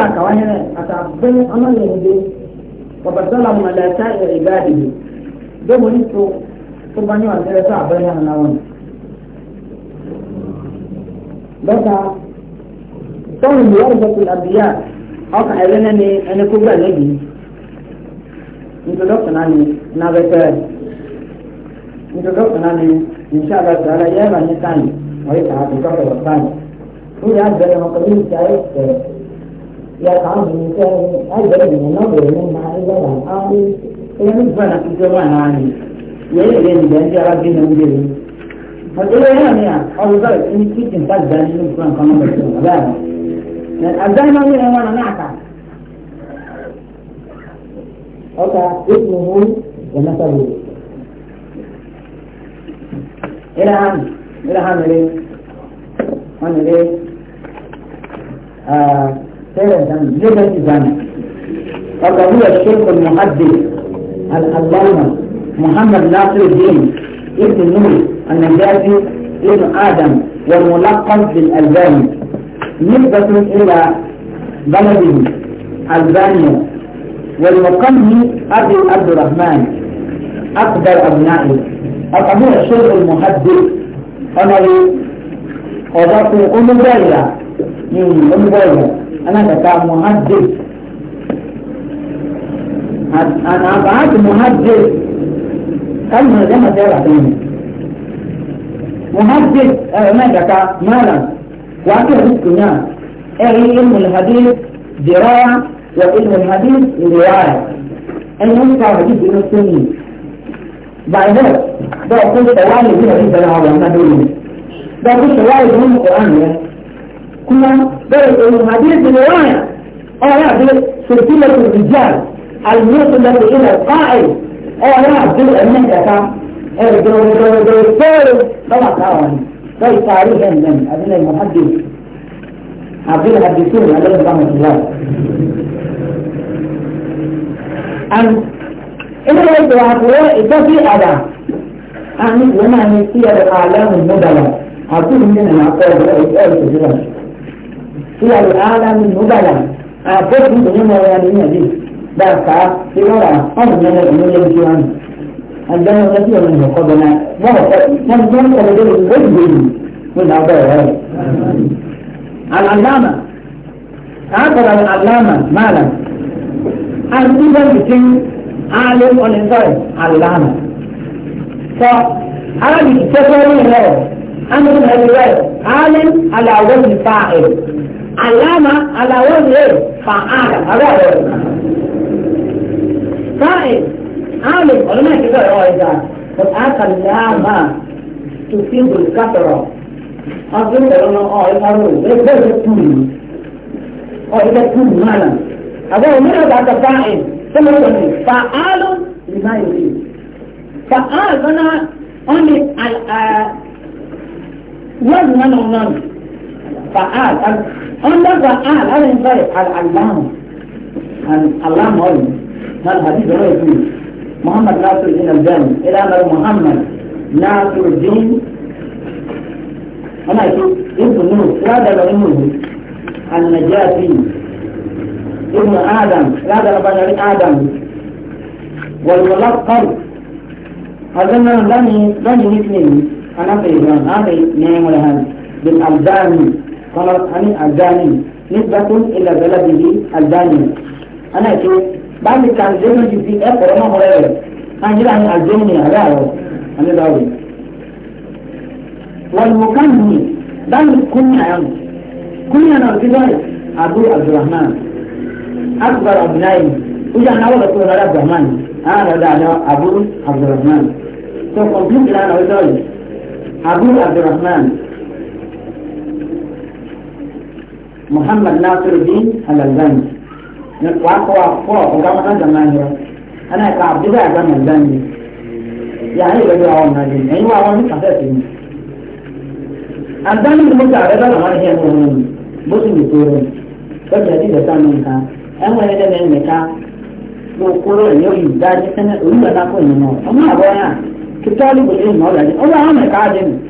أنا كواهنا أتعبني أنا يهدي وبدلهم على سائر عباده دوم نسو سبحانه وتعالى تعبني أنا وانا بدا صوم ورثة الأنبياء أقع لنا أن كبرى نجي introduction ani na bẹtẹ introduction ani inshallah taala yẹ ba ni kan o ye kan a ti tọkẹ o kan o de y'a bẹrẹ ma ko min ti a ye ẹ. يقع بالإنسان أجل من نظر منها إلى الأرض إلى مدفنة كمان عني يلين بأن جرى بنا مدير فقال يعني يعني أو ذلك إني كنت انتاج بأن مدفنة كمان مدفنة لا لأن أبدأنا من أنا نعتع أوكا اسمه ومثله إلى عام إلى عام ليه؟ عام ليه؟ آه ليبرتي زاني وقضية الشرك المحدث الألامة محمد ناصر الدين ابن نور النجازي ابن آدم والملقب بالألباني نسبة إلى بلده ألبانيا والمقام أبي عبد الرحمن أكبر أبنائه وقضية الشرك المحدث أمري وضعته أم دائرة ní olùgbọ́gbọ́ alágbàtà muhajjid àbáàtì muhajjid kálùmọ̀ ẹ̀dá máa tẹ́lá fún mi muhajjid ẹ̀rọ náà dàka mọ́ra wàá kí ẹ̀rú kùnà ẹ̀rí ilmu hadith diraya wa ilmu hadith riwaya ẹni wọ́n ká hadith inú sunni bàbá bọ́ọ̀ kó sọ̀wáyé bí hadith bẹ̀rẹ̀ àwọn ọ̀nà dóòlù bọ́ọ̀ kó sọ̀wáyé bí wọ́n kọ̀ كنا بل هذه الرواية أو هذه سلسلة الرجال الموصلة إلى القائل أو هذه المهدكة الدكتور طبعا تعاوني طيب، زي تاريخ من أبناء المحدث عبد الحديثون عليهم رحمة الله أن إذا لم يعطوا إذا في أداء أن لما نسي الأعلام المدلة أقول أنا أقول أقول أقول هي الأعلى من مبالا أعطيت آه، من دنيا ويانية دي دافع في وراء أرض من الأمور يمكن عندنا نتيجة من قبلنا وقت من قبل الوجه من أعضاء العلامة أعطر العلامة مالا أيضا بسن عالم والإنسان علامة فعالم تفريغ عمل الرواية عالم على وزن فاعل علامة على وزن ايه فعال هذا فاعل عامل علماء كده هو إذا وقعت اللامة تفيد الكثرة أظن أنه اه يقرر ليس هذا الطول اه إذا الطول آه، مالا هذا هو مرة بعد فاعل ثم هو فعال لما يريد فعال أنا أمي آه، آه، وزن أنا فعال انظر فعال هذا ينطبق على العلامة العلامة يعني علم هذا الحديث هو يقول محمد ناصر الدين الجامع إلى أمر محمد ناصر الدين أنا أقول ابن نور لا ابنه النجاتي ابن آدم لا بني آدم والملقب أظن لم لم يثني أنا في إبراهيم أنا نعم الهند بالألباني خلاص أنا الجاني نسبة إلى بلده الجاني أنا أقول بعد كان زمن جي بي إف وما هو غيره أنا جل عن الجاني هذا أنا داوي والمكمل دم كنا يوم كنا نرتدي أبو عبد الرحمن أكبر أبنائي وجعنا ولا كنا عبد الرحمن أنا دعنا أبو عبد الرحمن تو كمبيوتر أنا وجعي أبو عبد الرحمن Muhammad Nasiruddin Al-Albani na wako wa kwa ugamata zamani wa ana ka abdida ga manzani ya ni ga yawa na din ai wa wani kasati ne Albani mun ta da ran har yan mun mutum ne tore ko da din da sanin ka an wani da ne ka ko koro ne yi da ji sanar da na ko ne amma ba ya ki talibul ilmi wala ji Allah ya ka din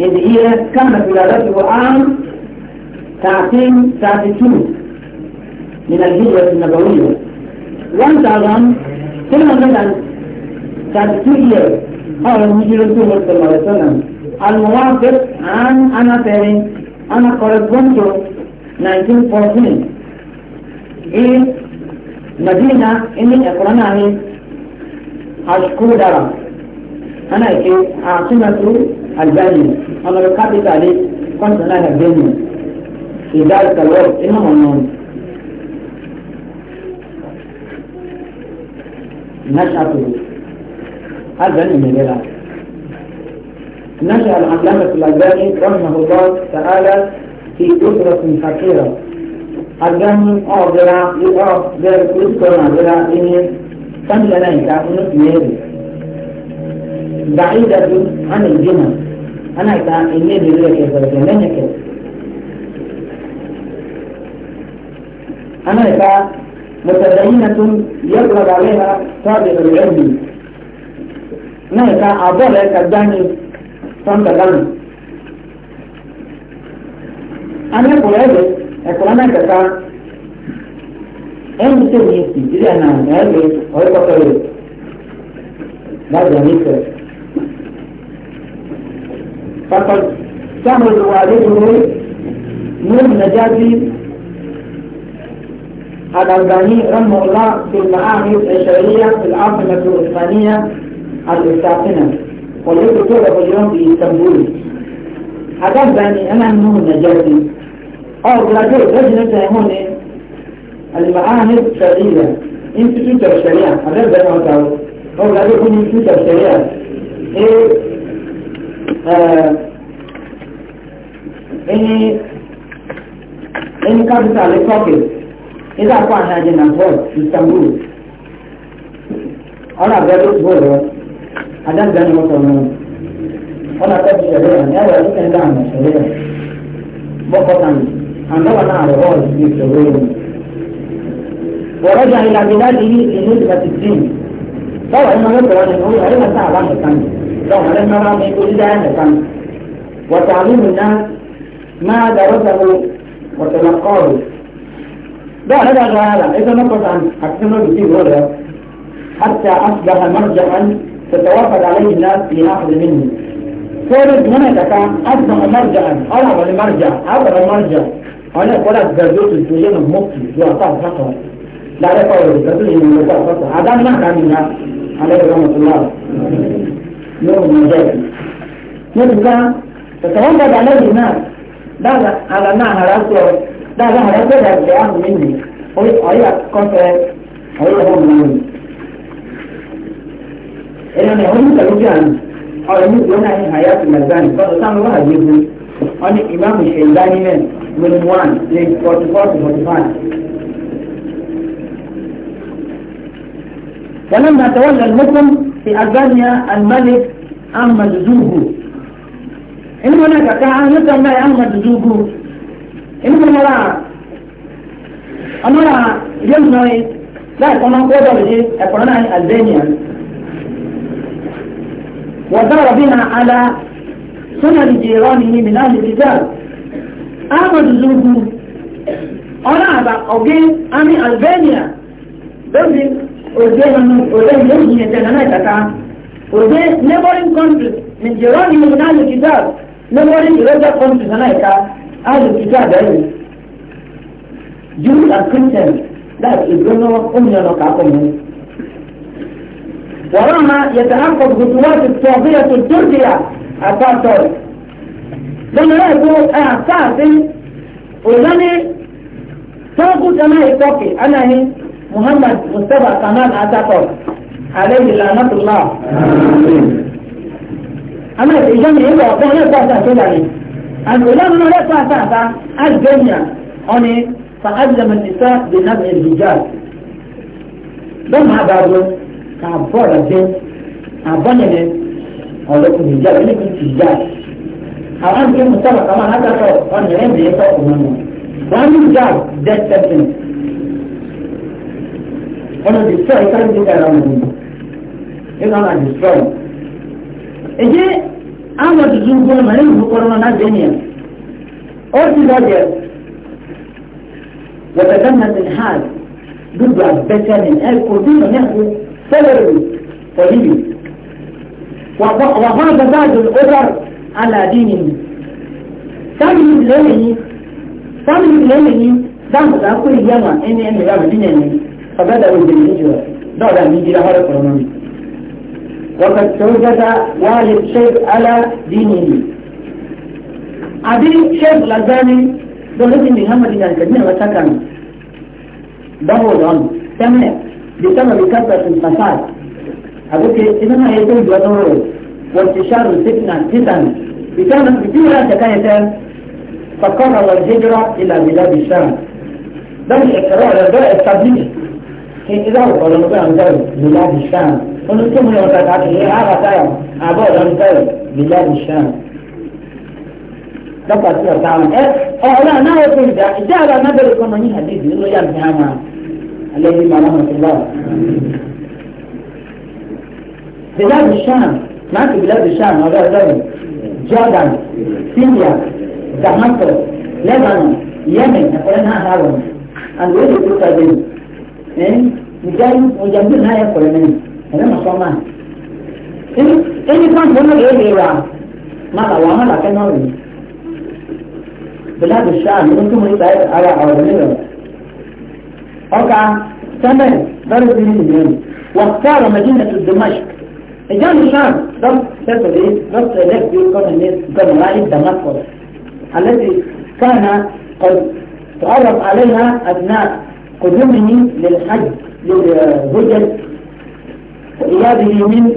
اللي هي كانت ولادات القرآن ساعتين ساعتين من الهجرة النبوية 1232 years قال المجير صلى الله عليه وسلم الموافق عن أنا فيري أنا قرأت 1914 إيه مدينة إني أقرأنا هي الكودرة أنا ke a sunatu أنا ọmọ rẹ kápítàlì kọ́ńtínlá ẹgbẹ́ni ìdá ìtàwọ́ iná ọ̀nà nashato albani mẹ́lẹ́la نشأ العلامة الألباني رحمه الله تعالى في أسرة فقيرة الجن أعضل يقع ذلك يذكر عضلة إنه كم لنا يتعامل في بعيدة عن الجنة أنا إني بيقول لك يا لن أنا إذا متدينة يطلب عليها طالب العلم أنا إذا أضلك الداني صنت غنم أنا أقول هذا أقول أنا كذا أنت تبني إذا أنا هذا هو كذا لا جميل فقد تمر والده من نجاتي الألباني رحمه الله في المعاهد الشرعية في العاصمة العثمانية الساخنة والذي تعرف اليوم في اسطنبول هذا الباني أنا منه نجاتي أو جراديو رجل هون المعاهد الشرعية انستيتوت الشريعة هذا الباني أو جراديو هون انستيتوت الشريعة إيه any any capital like Turkey is that one na did Istanbul all of that is work I don't know what I'm on all of that is and I was looking down at more important and na one out of all is the way ورجع إلى بلاده لو لما ما يقول ده وتعليم الناس ما درسه وتلقاه ده هذا غالا إذا نقص عن حكسنا بسيب بكثير حتى أصبح مرجعا تتوافد عليه الناس في ليأخذ منه فورد هناك كان أصبح مرجعا ألعب المرجع ألعب المرجع أنا قلت بردوت الجوجين المقصد وأعطاه فقط لا لا فورد بردوت الجوجين المقصد هذا ما كان منها عليه رحمة الله يوم مجازي يرجع تتوقع على الناس ده على نهر أسود ده نهر أسود هتلاقيه مني وهي كونتراكت هي هو مني إلى أن يقول لك أو يموت لنا في حياة المزاني فأصلا واحد يقول أن إمام الشيباني من من 1 ل 44 45 فلما تولى المسلم في ألبانيا الملك أحمد زوجو إنه هناك كان يسمى أحمد زوجو إنه مرة أمرا يوم نوي لا يكون قدر شيء يكون ألبانيا وزار بنا على سنة جيرانه من أهل الرجال أحمد زوجو أنا أبا أوجين أمي ألبانيا building òde òde yóò yìí ẹsẹ̀ náà ẹ̀kàkà òde neighboring countries nìjẹ̀rọ ni mo náà lòdì dáa neighboring european countries náà ẹ̀ka á lòdì dáa bẹ́ẹ̀ Jews and Christians that is gbóná òmìnira kàákọ̀ mọ́. ورغم يتعقب خطوات التوضية التركية أبارتوي لأن لا يقول أعطاء في وذني توقف أنا إطاقي أنا هي محمد مصطفى كمال عتاقه عليه لعنة الله أما الإجابة إيه وقوه لا تعطى كده العلماء لا تعطى الجميع أني فألم النساء بنبع الرجال لم هذا كعبار الدين عبانه ọlọ́kùn ìjà ẹlẹ́kùn ti jà àwọn àti mùsàlùmá kàmá àtàkọ̀ ọ̀nà ẹ̀mí ẹ̀kọ́ ọ̀nà wọn ní ìjà death sentence ọ̀nà destroy current data around the world ẹ̀ kàn án destroy. ẹ̀jẹ̀ àwọn tuntun gbọ́n mọ̀ nínú ìfowópamọ́ náà náà dé nìyẹn ó ti lọ́jẹ̀ wọ̀tẹ̀gánná ti hàn dúdú àbẹ́tẹ́ ni ẹ̀ kò dín ní ẹ̀kú sẹ́lẹ̀rì pọ̀lìbì wàhán gbàgbàdùn ọ̀dà aládìní sáàmì lẹ́yìn sáàmì lẹ́yìn dáhùn dáhùn ìyá mà ẹni ẹni rà mí nìyẹn. فبدأوا بالهجرة بعد أن يجي لها القرآن وقد توجد والد شيخ على دينه عدي شيخ الألباني دولة محمد بن الكبير وسكن ضغط عنه سمع بسبب كثرة الفساد أقول إذا ما يكون بدوره وانتشار الفتنة فتن بسبب كثيرة تكاية فقرر الهجرة إلى بلاد الشام ده الإقرار ده التبليغ إيه، إذا هو قال مثلا زوج بلاد الشام ونسمى له فتاة هي هذا تايم أبو لم تايم بلاد الشام دفع سورة تعالى إيه آه، لا ما يقول ده ده أنا ما بيكون من حديث إنه يمشي هما الذي ما رحمة الله بلاد الشام ما في بلاد الشام هذا زوج جوردان سوريا دمشق لبنان يمن أقول أنا هذا and where did you من مجانب مجانبها يقول منه هذا مصمم إن إن كان هم غير غيره ما لا وما لا كان هو بلاد الشام أنتم يبقى على عوامله أوكا ثمن ضرب من اليوم واختار مدينة دمشق إجان الشام ضبط سيطري ضبط إليك بيكون الناس جمعالي دمشق التي كان قد تعرف عليها أبناء قدومه للحج للزوجة وإيابه من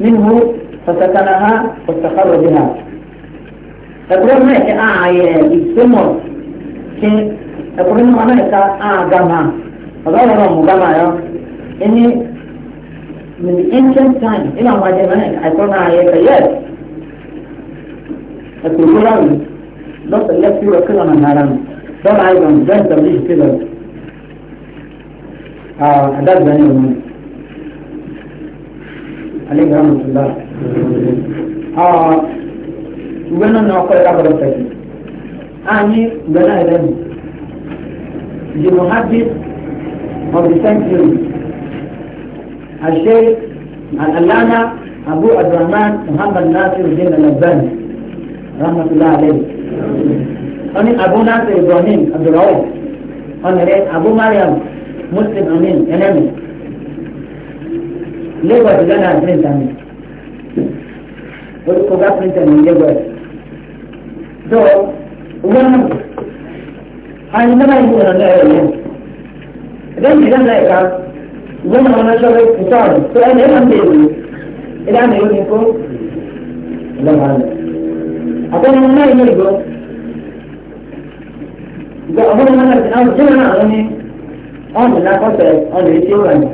منه فسكنها واستقر بها أقول لك آه يسمر كي أقول لك أنا آه جمع أقول لهم جمع إني من ancient time إلى ما جمعنا أقول لك آه يس أقول لهم لو تلقي وكذا من هرم ده أيضا ده تبليغ كذا آه حداد بني أمية عليك رحمة الله آه وقلنا أنه أقول لك أبدا التأكيد أعني بناء الأمي لمحدث of the century الشيخ العلامة أبو عبد الرحمن محمد ناصر الدين الألباني رحمة الله عليه أنا أبو ناصر إبراهيم عبد الرؤوف أنا أبو مريم مسلم أمين أنامي ليبر اللي أنا برنت أمين ولكم بقى برنت أمين ليبر دو وانا أنا ما يقول أنا ده انت كلام لا يقال وانا أنا شغل مصاري فأنا أعلم بيقول ايه أنا يقول لكم لا معلم أقول أنا ما يقول لكم أقول أنا أنا جمعنا أغني ọ̀nà lápọ̀tẹ̀ ọ̀nà etí wà ní.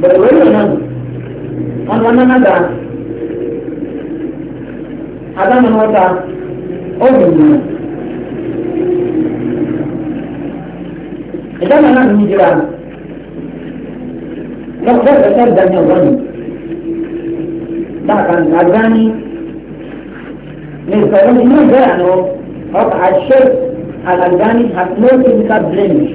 Bẹ̀rẹ̀ wẹ́rẹ́ náà ọ̀nà anánága adámanọ́ta ọ̀gbìnrin. Ìdáná náà ní ìjìlá lọ́kọ̀ ẹ̀fẹ́ ìdáná ọ̀gbọ́n ni. Bákan àgbáni ní ìsọ̀rọ̀ ní ìgbéyàwó ọkọ̀ àṣẹ àlàgbáni has no physical blemish.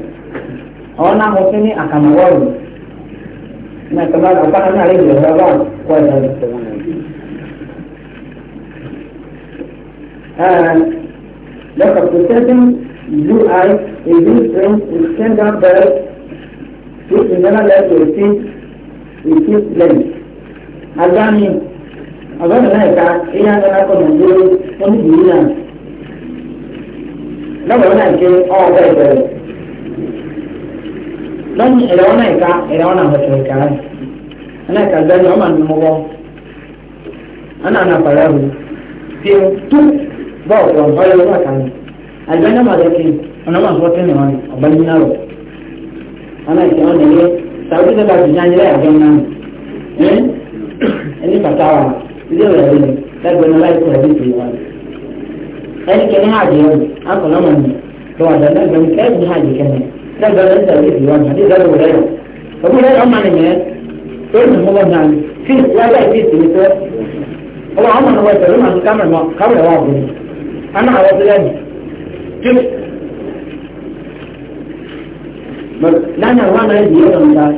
àwọn náà mo fi ní àkàmọ̀wọ́ọ̀lù ní àkàmọ̀wọ́ọ̀lù ọ̀pá náà lè jẹ́ ọ̀rọ̀ ọ̀rọ̀ kọ́ ẹ̀dá rẹ̀. Look at the second blue eye, a blue string is sent down there, which is never left to receive, receive length. Agbani, ọ̀gbọ́n náà ẹ̀ka, ìyá ńlá kọ́ Nàìjíríà, ó ní ìlú náà. Lọ́wọ́ náà ṣe ọ̀ọ́dọ̀ ìbẹ̀rẹ̀ lọ́nà ẹ̀rọ ọ̀nà ìka ẹ̀rọ ọ̀nà ẹ̀rọ ìka rẹ̀ ọ̀nà ìka gbẹ́ni ọmọ àti mọ́wọ́ ọ̀nà àná pàrọ̀ ẹ̀rọ tí o tú bọ́ọ̀ tó ọ̀yọ́ ọ̀nà ìka ni àgbẹ̀ni ọmọ àti ẹ̀kẹ́ ọ̀nà ọmọ àti ọ̀tún ìwọ̀n ọ̀gbẹ́ nínú rẹ̀ ọ̀nà ìka ọ̀nà ìyẹ́ sàbí tó bá ti yá ilé àgbẹ̀ náà ẹni bàtà wà ilé rẹ̀ rẹ̀ lẹ́gbẹ̀ẹ́ láìpẹ́ rẹ̀ ti wà ẹni kẹ́ni hàjẹ́ akọ̀nàmọ̀ ni tó wà dáadáa gbẹ̀mí kẹ́ni hàjẹ́ kẹ́ni لا ده انت اللي ديوان دي ده ولايه طب ولايه هم عن الناس قلنا هو ابن عم في ولايه في سميته هو عمر هو يتكلم عن كامل ما قبل واضح انا على طلاني شوف لا انا وانا هذه يوم ده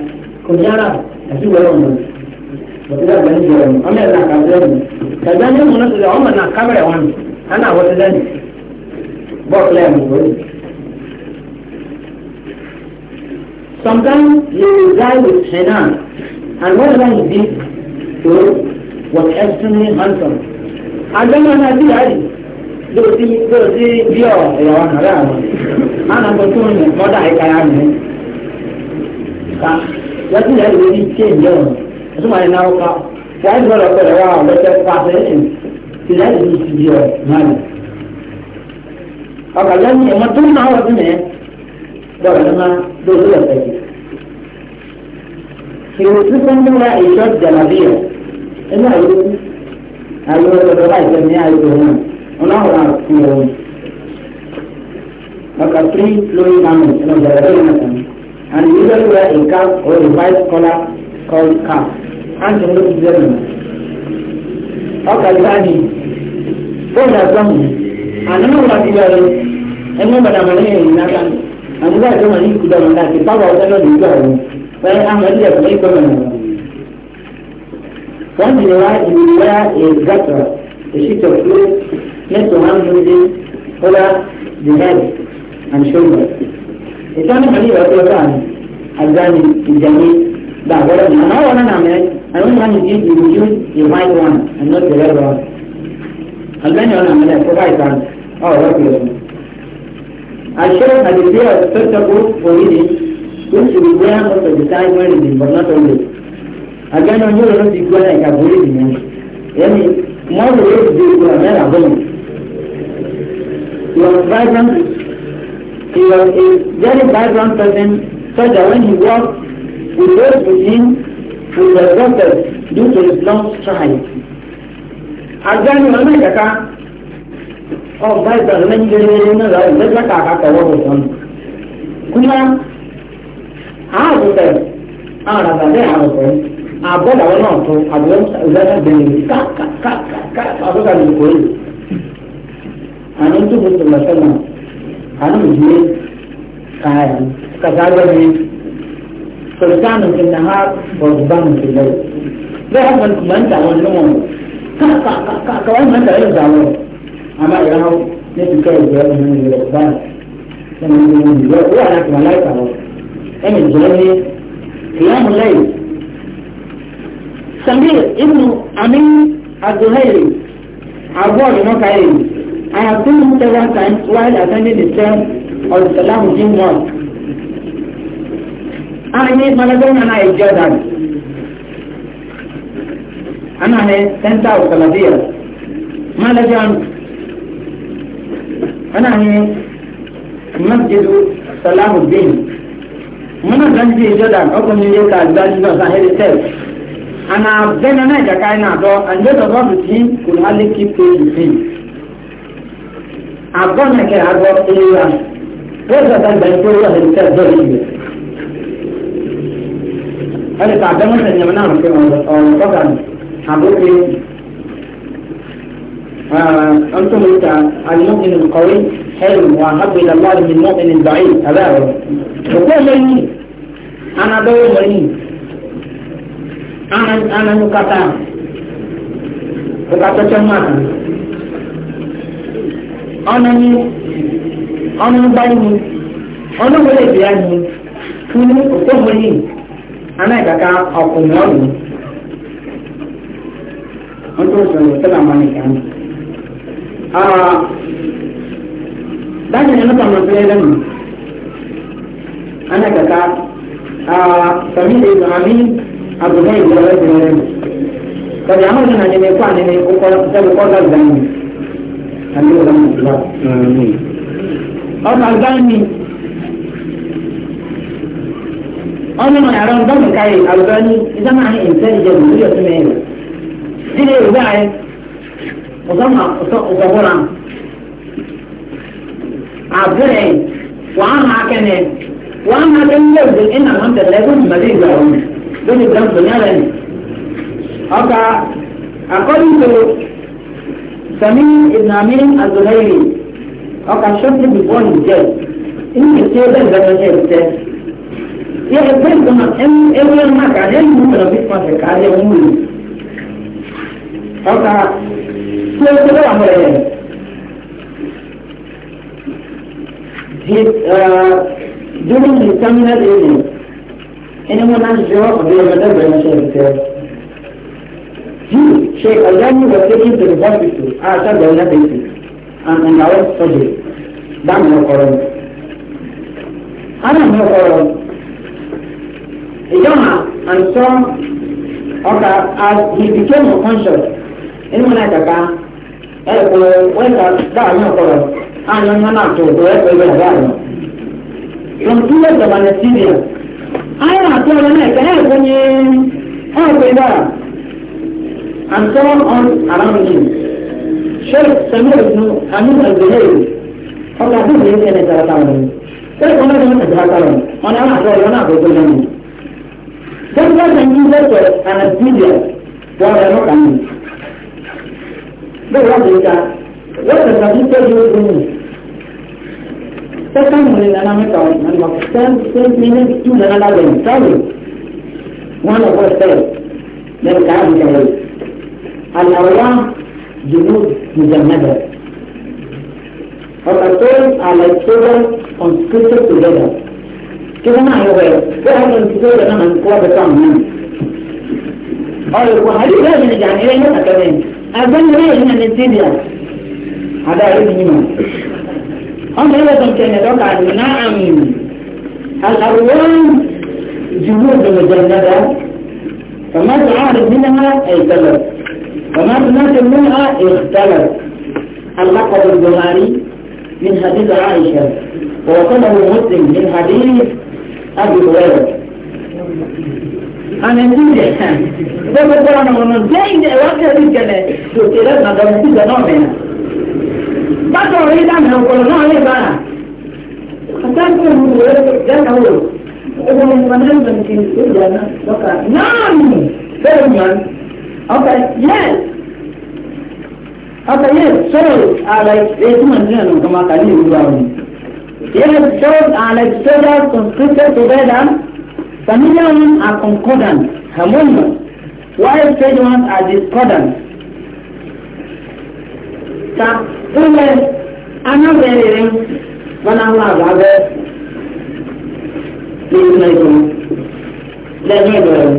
كنت يرى اجيب يوم ده وكده بقى نجي يوم انا اللي هكلمني كذا يوم انا عمر انا قبل وانا انا على طلاني بقى لا مش Sometimes he will die with Hainan. And whatever he did to was extremely handsome. And then when I see Ali, they will see, they will see, Dio, Yawan Haram. And I'm going to tell mother, I can't hear. What is that really change, Dio? That's why now, why is God up there? Wow, that's a fascinating. See, that is Dio, man. Okay, let me, I'm going to tell you now what's in there. دولما دولة بيت في وصفة ما إشارة جمالية إلا يقول أيوة الرباعي جميع يقولون أنا هو أنا فيهم Maka free flowing mammals in the Arabian and usually wear a cap or a white collar called cap and can look examined. Ọkà ìbáàdì, bóòlù àgbọ̀mù, àná wọn ti yọrọ ẹni bàdàmọ̀ lẹ́yìn ìnáta ni. àwọn ìgbà tó wọn yìí kú dọ̀nà náà kí sábà ọ̀dọ́ náà lùdọ̀ ọ̀hún wọ́n àwọn ilé ẹ̀kọ́ yìí kọ́nà náà. wọ́n ti wá ìlú wá ìgbàtọ̀ ìṣìtọ̀ fún mẹ́tọ̀ wọn mú ní ọlá jihadi and shoulda. ìtàn ìmọ̀lẹ́ ìwà tó bá mi àgbáni ìjàmí bá àgbọ̀dọ̀ mi àmọ́ wọn náà mẹ́ àwọn ìwà mi ti ìlú yún the white one and not the red one. àgbáni ọ̀nà àmọ́lẹ̀ tó bá ìtàn ọ̀ assured that the prayer is acceptable for reading, going to be where most of the time when reading, but not always. Again, on your own, you go like a reading. Yani, more the way to do it, you are not alone. He was vibrant, he was very vibrant person, such that when he walked, we those with him, we were exhausted due to his long stride. Again, on your own, ọ bai da nan gere ne da da ka ka ka wa wannan kuma a ko ta a da da ha ko a bo da wannan to a bo da da ne ka ka ka ka a bo da ne ko yi anan to mutum masana anan ji kaya ka ga da ne sultanin fil nahar wa rubbanin fil layl da haka man ta wannan ka ka ka ka wannan da yau da wannan amma idan hau ne su kai da yawan nan da ba ne sanan da nan da wa na kuma lai kawo ɗan jirage kiyamu lai samir ibn amin az-zuhairi abuwa da maka yi I have been in several times while attending the term of the Salahuddin Mosque. I need Malagan and I enjoy that. أنا هنا سنتا وثلاثية ما لجان ana ne masjidu salahuddin muna dan ji jordan ọkùn ní yóò ká gbájú náà sáà hẹ́rẹ́ tẹ́ẹ̀ àná bẹ́ẹ̀ náà ìjàká iná àdọ́ àjọyọ̀ bá fi tí kò ní alẹ́ kí pé ke àgọ́ náà kẹ́ àgọ́ ìlera wọ́n sọ fẹ́ أنتم أنت المؤمن القوي حلو وأحب إلى الله من المؤمن الضعيف هذا هو وكل مني أنا دور مني أنا أنا نكتا نكتا جماعة أنا ني أنا نبالي أنا ولا بياني كل أتوه أنا كذا أقوم يومي أنتم سنتكلم عنك أنا Ah. dajin yana kan mafi yayin mu ana kaka a ah, sami da izu amin a zuwa yi zuwa yi zuwa yi ka ji amurka na neme kwa neme kokoro kokoro gani allo da mu zuwa ọ̀nà gani ọ̀nà mọ̀ yàrá ọ̀dọ́ mi káyè àlùbáni ìdáná àyè ìtẹ́lẹ̀ jẹ́ òwúrọ̀ tó mẹ́rin sílẹ̀ ìwé àyè وضمها وظهورها عبدالعين وعامها كمان وعامها كان يبذل إن الحمد لله يكون مزيد لهم دول الدم دنيا لهم أبقى أقلت سمين ابن عمين الزهيري أبقى شفت بيقول الجاي إن كتير ده ده ده ده يحبين كمان إن إيه ما كان إيه ممكن أبيت ما في كاريه أمي أبقى tí ó ń tẹ́lẹ̀ àwọn ẹ̀yẹ. During the terminal evening, anyone has to up the other dimension of the You, Sheikh Al-Jani was taken to the hospital after the other basis and underwent surgery. That's no problem. Adam no problem. Jonah and some, okay, as he became unconscious, anyone like a guy, ẹ̀kọ́ wẹ́ta dáàrin ọ̀pọ̀lọ̀ ààyàn náà náà tó ọ̀pọ̀ ẹ̀kọ́ ìgbà dáàrin. Lọ́tún lè sọ̀rọ̀ ní Syria. Ààyàn àti ọ̀rọ̀ náà ẹ̀kọ́ ẹ̀kọ́ ní ẹ̀kọ́ ìgbà. And so on around him. Sheikh Samir ibn Hamid al-Zuhair ọkọ̀ àbúrò yìí ẹni tẹ̀lé táwọn ọ̀rọ̀. Ẹ̀kọ́ náà ni wọ́n tẹ̀lé táwọn ọ̀rọ̀. Ọ̀nà àwọn àti ọ̀rọ̀ náà gbogbo náà ni. Dókítà Very well, you got what the computer you do. Second morning, and I'm going and was 10, 10 minutes to another lane. Tell you. One of us said, then God is away. الأولام جنود مجمدة. Opportunities are like children on scripture together. كده ما هو غير. ده هو الانتظار أنا من قوة بتاعهم. أو يكون هذه لازم يعني ليه كمان. أدن رأينا نتبع على ابننا هم هذا كان يدعو على نعم الأرواح جهود مجندة فما تعارض منها اختلف وما تنات منها اختلف اللقب الجماري من حديث عائشة ووصله مسلم من حديث أبي هريرة and enjoy their time. Gbogbo gbọ́dọ̀ náà wọ́n jẹ́ ìdè ìwádìí ẹ̀rí ìkẹlẹ̀ lòkè lẹ́gbàá dọ̀rọ̀ sí ìgbà náà mẹ́rin. Bákan ọ̀rọ̀ yìí dáhùn ọ̀pọ̀lọ̀ náà lè bára. Àtàkùn òun wò ó jáde wò. Ebi ni wọn náà lòun ti ṣe ìjà náà lọ́kà. Náà nì bẹ́ẹ̀ ni wọn. Okay, yes. Okay, yes, sorry, are like, èyí mà nínú ẹ̀nà kan máa kà ní ìlú àwọn. Yes, sorry, are like soldiers conscripted together Familiar ones are concordant, harmonious, while strange ones are discordant. Ta ule anabere wanawla gabe nilaikum lẹ́gbẹ̀rẹ̀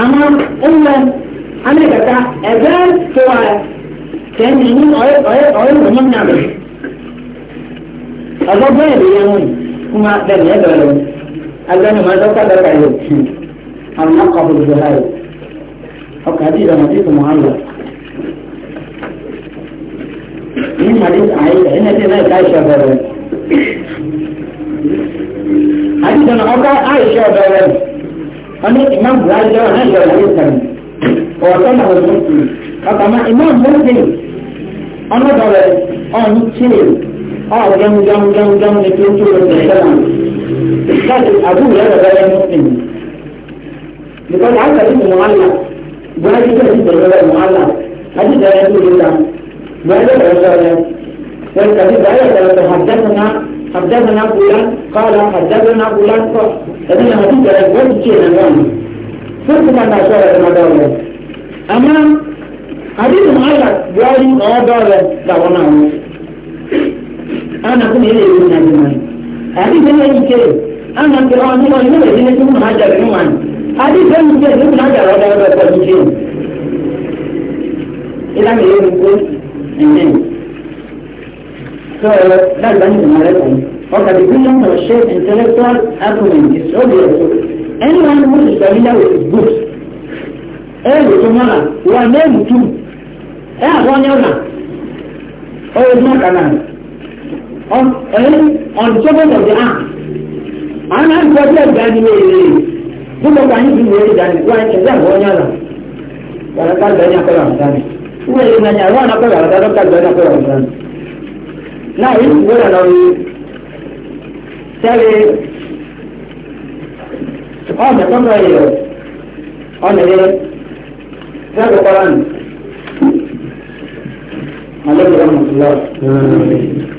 àmọ́ ule anẹ́kẹta ẹgbẹ́ tó wà tẹ́ni ní ọ̀rẹ́rùn mọ́nà rẹ̀ ọgbọ́gbọ́ ẹ̀rẹ̀ yẹn wọ̀nyí kúmá bẹ̀rẹ̀ ẹgbẹ̀rẹ̀ أجاني ما دوكا دوكا يلي أو نقف الجهاز أو حديث إيه حديث معلق من حديث عائشة هنا دي نايت عائشة بابان حديث أنا أوكا عائشة بابان أنا إمام عائشة عائشة الحديث وأتنه المسلم أما إمام مسلم أنا بابان أنا مسلم أعلى جامو جامو جامو جامو نتلوتو والسلام الشاكل أبوه هذا بقى مسلم لقد عدت اسم معلق وهذه كانت الغلاء معلق هذه لا يقول الله ماذا الرسالة والكثير بقى حدثنا حدثنا فلان قال حدثنا فلان قال لكن حديث لا يقول شيء الآن فرق ما نشر المدار أما حديث معلق بوالي أو دار لا ونعم ana kuma yana yi na jimai abin da ya yi ke ana ke wani wani ne da ne kuma hajar iman abin da mu ke kuma hajar wada wada ko ni ce ila me yi ko amen so that one is my lesson okay the brilliance of shape intellectual argument is obvious anyone who is familiar with books ẹ wò tó mọ́ra wà ní ẹ̀mùtú ẹ àwọn ọ̀nà ọ̀rọ̀ ìdúnmọ̀ on um, of the arm. And I'm probably a guy who is who look at him very than why is that one other. Wala ka gani akọrọ ọ̀sán. Wúwo yìí nà nyà wọn akọrọ ọ̀sán ló ka gani akọrọ ọ̀sán. Náà yìí ti wúlò lọ yìí. Sẹ́lẹ̀ ọ̀nà tọ́mọ yìí ọ̀nà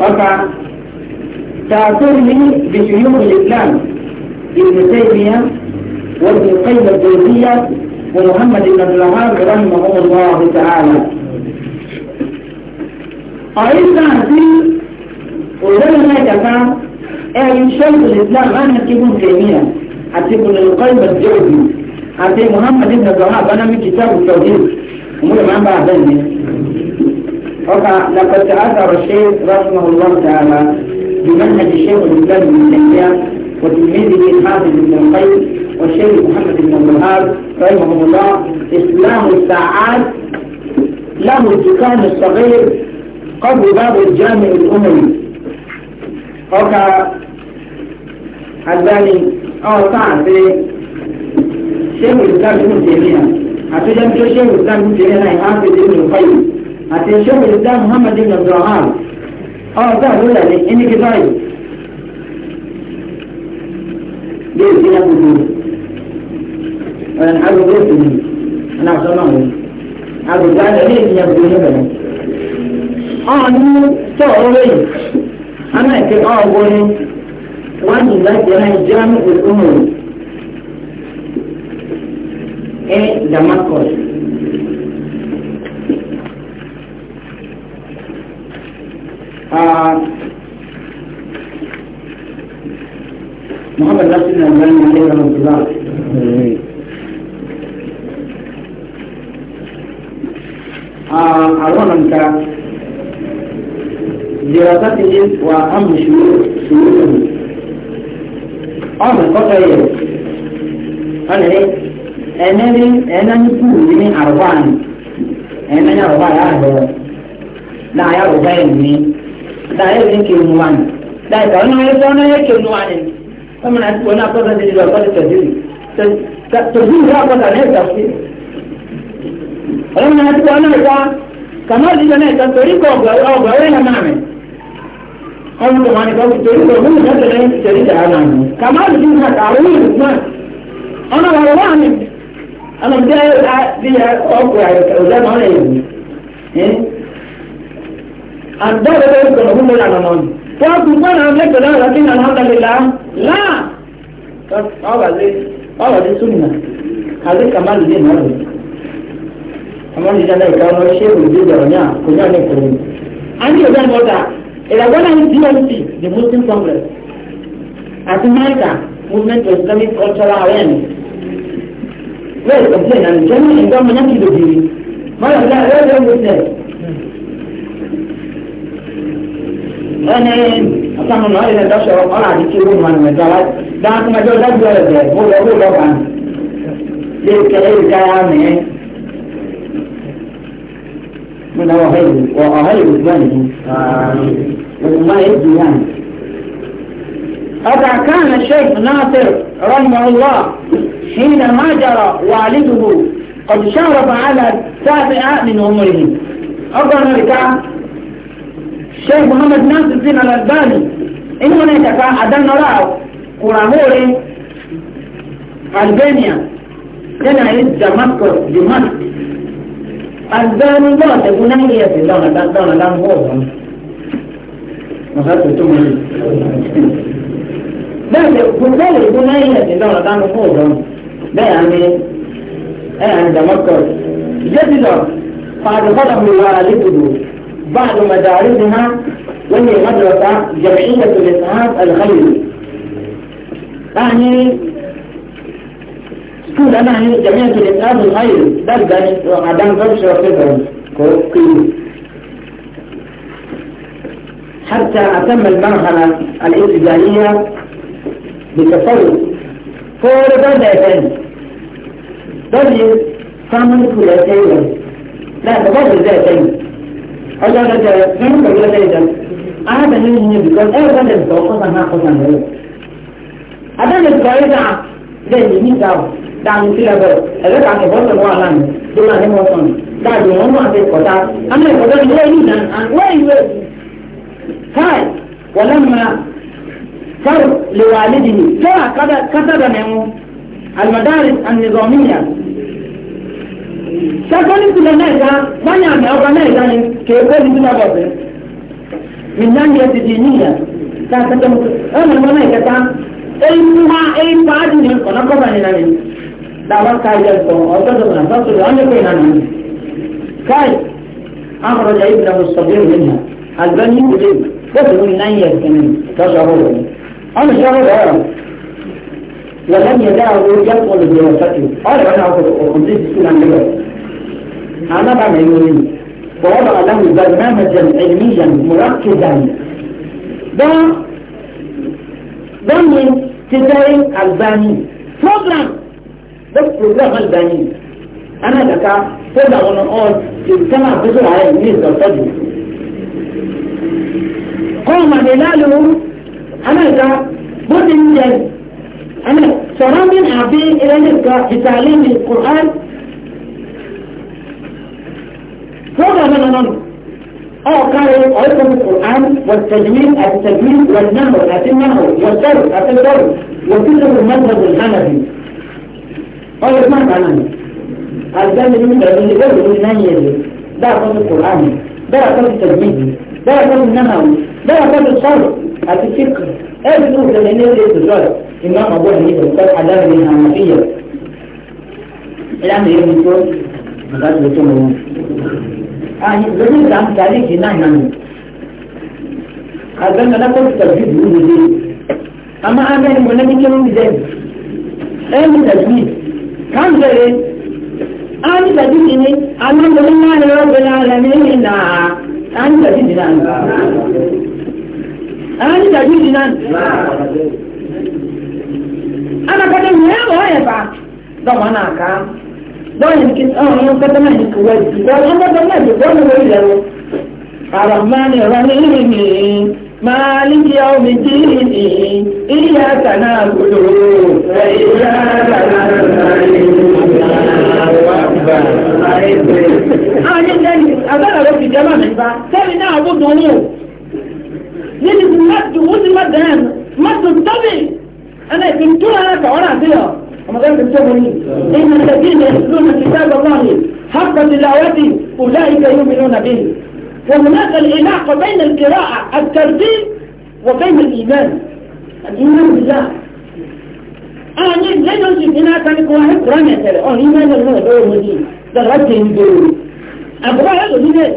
أربعة تعتري بشيوخ الإسلام ابن تيمية وابن القيم الجوزية ومحمد بن عبد الوهاب رحمه الله تعالى أن أقول ولما كفى أي شيخ الإسلام أنا ابن تيمية حتى ابن القيم الجوزي حتى محمد بن عبد الوهاب أنا من كتاب التوحيد ومن ما بعد ذلك وقع لقد تأثر الشيخ رحمه الله تعالى بمنهج الشيخ كلب بن تيمية وتلميذه الحافظ بن القيم والشيخ محمد بن الوهاب رحمه الله إسلام الساعات له الدكان الصغير قبل باب الجامع الأموي وقع الباني أو آه، ساعة في شيخ كلب بن تيمية àti jẹ́ tí ó ṣe ìsìlám ní ìṣẹ̀lẹ̀ náà ìhá fi dínú ìfọ̀yì àti ṣe ìsìlám muhammad ibn abdulham ọ̀gá àbúrò ní ẹnìkí báyìí bí èsì náà gbogbo ọ̀rẹ́ agbègbè èsì ni ọ̀nà àtọ́nà òun agbègbè àná ní èsì yẹn gbogbo níbẹ̀ ọ̀hún tọ̀ ọ̀rẹ́ yìí aná ìpè ọ̀gbọ́n ni wọ́n yìí láti ẹ̀rọ ìjẹun ìgbòho es la más corta. آه محمد نفسي الأولاني عليه رحمة الله آه، أولا دراستهم وأهم شروط شروطهم أنا فترة أنا إيه ẹnẹ́ni ẹnẹ́ni tù ní ní àrùbáàn ẹnẹ́ni àrùbáàn yà ya náà yà àrùbá yẹn ní náà yẹ kí kéwù wà ní náà ìgbà wọn yẹ sọ náà yẹ kéwù wà ní ọmọ náà wọn náà kọ́sọ́ ti di ọkọ́ ti tẹ̀sí tẹ̀sí ìlú àkọ́sọ́ náà ẹ̀sọ́ sí ọmọ náà ti náà sọ kàmá ti sọ náà ẹ̀sọ́ torí kọ ọgbà ọgbà wẹ́n náà máa mi ọmọ tó wọn ni kọ́ torí kọ ọgbà wẹ́n náà tẹ̀lé tẹ̀lé kàmá ti sọ náà kàwé ìlú náà ọmọ wà àmọ́ bí a bí a ọkùnrin àyọ̀kẹ́ ọ̀dọ́ náà lè wù àdó ọ̀dọ́ ọ̀dọ́ ọ̀hún lọ́la lọ́nà ọ̀nà wọ́n kú fún àwọn mẹ́tọ̀ náà lọ́kí náà lọ́dọ̀ lè la láà ọ̀wàdé súnmọ̀ àti kàmáàlì lè má lò àmọ́ ní ìdáná ìka ọmọ ṣé olùdó ìjọba ní àkójọ ní ìkòrò a ní ìjọba ní ọ̀dà ìràgbọ́n náà ní dmc the muslim congress àti maika movement for islamic cultural awareness لا يستمتعن يعني الجميع عندما نكد به ما لا لا لا يستمتعن أنا أصلا من هاي الدشة وقال عن كيلو من المجالات ده أنت مجال ده جل ده هو ده هو ده عن ليه كلام كلام من هو هاي وهاي بتبان وما يبدو يعني أذا كان الشيخ ناصر رحمه الله حين جرى والده قد شارب على سابعة من عمره أظهر لك الشيخ محمد ناصر بن الألباني إن هناك أدن رأوا كراهوري ألبانيا لنا دمشق دمشق ألباني لا تكون هي في دولة دولة دولة دولة دولة bẹ́ẹ̀ gbogbo ìlú lẹ́yìn ẹ̀sìn náà dáná fún òdòdó bẹ́ẹ̀ àmì ẹ̀ àmì dàmọ́tọ̀ jẹ́bi lọ fàdé fọ́dà mi wà lẹ́kùdù báàdù mẹ̀dàrí ni ha wọ́n yẹ mọ́tòlọ́ta jẹ̀bi ìyẹ̀tò lè sàn án àlùkálì. láàyè skul náà ní jẹ̀bi ìyẹ̀tò lè sàn án àlùkálì dáadáa ní àdáńtọ́ ṣọ̀ọ́ fẹ́fẹ́ kò kéwì. حتى أتم المرحلة الابتدائية بالتصرف for the event that is common to the table لا تبادل ذا تاني الله رجع فين بقول ذا أنا بنيجي هنا because everyone is focused on how to handle it أنا اللي بقول ذا ذا اللي مين ذا dáàmú sílẹ̀ bọ̀ ẹ̀rọ kan kò bọ́sọ̀ wà lánàá tó máa ní wọ́n sọ̀nù dáàbò wọn máa yìí nà án wọ́n yìí wọ́n yìí káì wọ́n lẹ́nu كر لوالده كما كتب منه المدارس النظامية سكن كل نجا ما يعني أو نجا كيقول كل بابه من ناحية دينية كاتم أنا ما نجا كان أي ما أي بعد من كنا كمان نجا دعوة كايدر كون أو كذا من هذا سؤال أنا كنا نجا كاي أخرج أي بلا الصغير منها البني يجيب بس من نجا كمان كذا هو أنا الشغل الآن ولم يدعه يدخل بدراسته قال أنا أخذت بسهولة عن جبل أنا بعمل يومين ووضع له برنامجا علميا مركزا ده ده من تدعي الباني program ده program الباني أنا لك تبدأ أن أقول كما بسرعة على الميز قوم هلاله amẹ́ríkà bó ti ń jẹ amẹ́ sọ̀rọ̀ mi àbí ẹlẹ́nìkà ìtàlẹ́ mi kùrán program náà nọ ọ̀ọ́kárẹ́ ọ̀ẹ́kọ̀ọ́ kùrán wọ̀tẹ̀lẹ́mí àti tẹ̀lẹ́mí wọ̀nyáhùn àti náhùn wọ̀tẹ̀rù àti tẹ̀rù wọ̀tẹ̀rù mọ́tẹ̀rù hánàbí ọ̀yẹ́ fún àgbàlá mi àgbẹ̀mí ní ìgbà yìí bẹ́ẹ̀ ló ní náà yẹ̀ lé dáàbọ̀ kùrán dáàbọ̀ tẹ̀lẹ́mí dáàbọ̀ náhùn ده هو الصبر الفقه هذه الأولى لأن هي الاستدراج إمام أبو حنيفة مصطلح علامة الحنفية الأمر إيه بيقول مقاس بيقول يعني لازم تعمل تعليق هنا هنا هذا أنا كنت تجديد يقول لي أما أنا يعني من ولم يكن يزيد أي من تجديد كم زيد أنا آه، تجديد إني أنا من ولم يكن يزيد أنا آه، آه، من ولم يكن يزيد أنا تجديد إني àwọn ní ìdájú ìdí náà anakata nyɛ wɔyɛ ba dɔbɔ na aka dɔyɛ nke ɔn yɛ nkata na yɛ kuwa yi dɔ yɛ nkata na yɛ kuwa na yɛ yɛ aramani rahimi maliki awo mi diini iya kana gudu wa iya kana nari àwọn yẹn dẹni agbára rẹ fi jẹ lọnà ìbá sẹbi náà gbódùn ún. يجب المد وزمد هذا مد الطبي أنا كنتوها أنا كعورا فيها وما غير كنتوها لي إن الذين يحفظون كتاب الله حق تلاوته أولئك يؤمنون به وهناك العلاقة بين القراءة الترتيب وبين الإيمان الإيمان بالله أنا لن أجد هنا كان كواهي قرآن يا ترى يتلقون إيمان الله هو مدين ده غد يندور أبغى هذا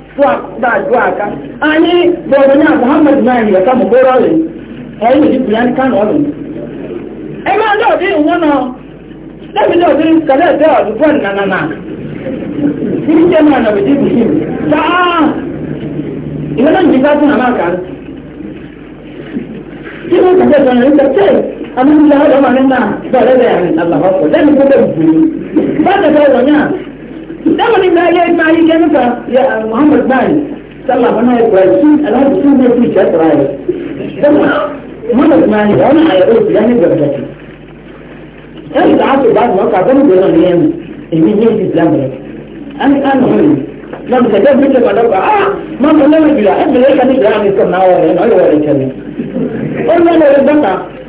da duwa kan ani bọ̀dọ̀ náà muhammad náà ya ká mọ̀ bọ́rọ̀ rẹ̀ ẹ̀yìn òjì bìyàn ebe ọ̀rùn ẹ máa lọ bí ìwọ́n náà lẹ́bi náà na na zamanin da ya yi mali ke nuka ya muhammad mali sallah wani ya kwaye shi alhaji shi ne fi shi tsiraye muhammad mali da wani ayyaru su ya ne gabdaki yan da aka ba su maka ban gona ne yan emin yin islam ne an kan hulu na bisa jan mace ba da ba a mamman lamar bila an da ya kani da ya ne kan nawa ne na yi wa rikin ne wannan ne ya zama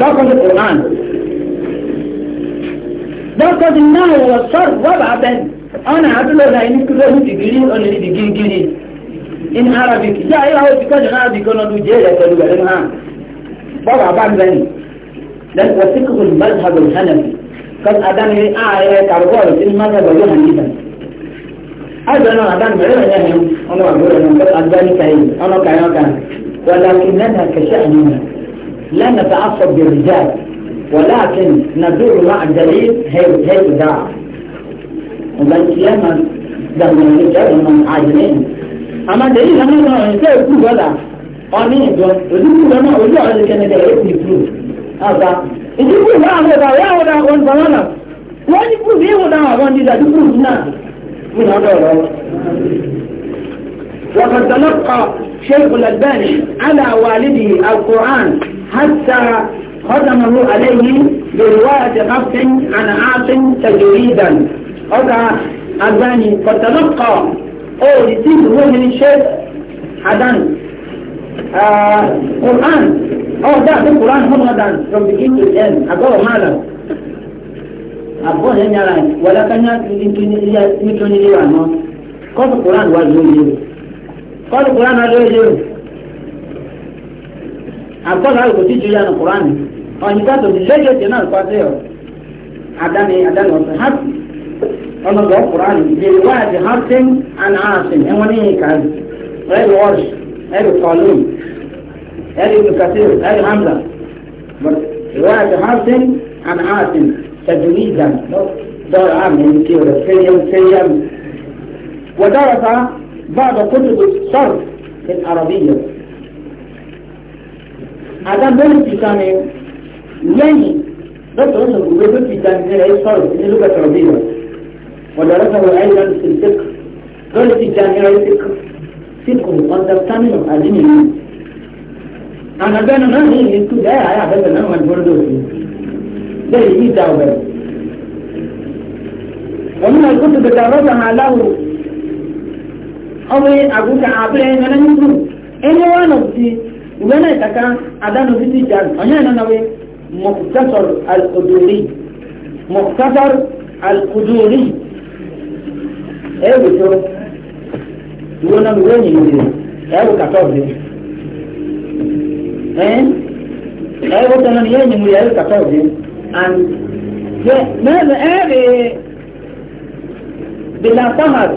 تأخذ القرآن تأخذ النار والصر وبعدا أنا أقول له إن كله تجري أو نريد جيجري إن عربي يا إله هو تكاد عربي كنا نجيل كنا نعلمها بابا بعد ذي لأن وثقه المذهب الحنفي قد أدان لي آية كاربوال إن ماذا بيوها نيدا هذا أنا أدان بيوها نيدا أنا أقول لهم قد أدان كاين أنا كاين كاين ولكن لنا كشأن منه لا نتعصب بالرجال ولكن ندور مع الدليل هي هي داع وبنت لما دم الرجال هم عاجلين أما دليل أنا ما أنسى يكون ولا أني يقول ولا أنا أقول على أنا جايين يقول هذا يقول ما هذا يا ولا أون بمانا وين يقول يا ولا أون دي ده يقول هنا من هذا وقد تلقى شيخ الألباني على والده القرآن حتى خدمه عليه برواية قبط عن عاص تجريدا قطع الألباني فتلقى أو يتيب هو من الشيخ حدان آه قرآن أو ده في القرآن مغلدا from beginning to end أقوى مالا أقوى هنا ولا كان يتوني ليا نو قطع القرآن واجهون ليه قال القرآن هل إيه؟ يجيرو أبطال هل قتل جيان القرآن قال نتاتو بالجيجة جنال القاتلية أداني أداني وصل حق قال نتاتو القرآن برواية حرسن عن عاصم هموني كاز غير ورش غير طالون غير ابن كثير غير حملة برواية حرسن عن عاصم تجميزا دار عام يمكير يعني سيام سيام ودارتا بعد كل صرف في العربية بل في bir يعني بس doktor nasıl böyle bir tane nereye صرف ne lügat arabiya ودرسه أيضا في الفقه بل في الجامعة الفقه فقه وندرسانه أدينه أنا بأنا ما هي يمكن لا يا بس أنا ما البردو ده يجي دعوة ومن الكتب تعرضها له ọbẹ̀ àgùkà abẹ́rẹ́ nana nínú ẹni wọn nà sí ìwé náà ìtàkà àdánù títí ìjà ọ̀nyá ìná náà wẹ́ mọ̀kútàtọ̀r alkuduri mọ̀kútàtọ̀r alkuduri ẹ wò tó ìwé náà wẹ́ yìí nìyí ẹ wò kàtọ́ ọ̀dẹ́ ẹ ẹ wò tó náà yẹ́ yìí nìyí ẹ wò kàtọ́ ọ̀dẹ́ and yẹ mẹ́rin ẹ rèé bìlà fáhàtì.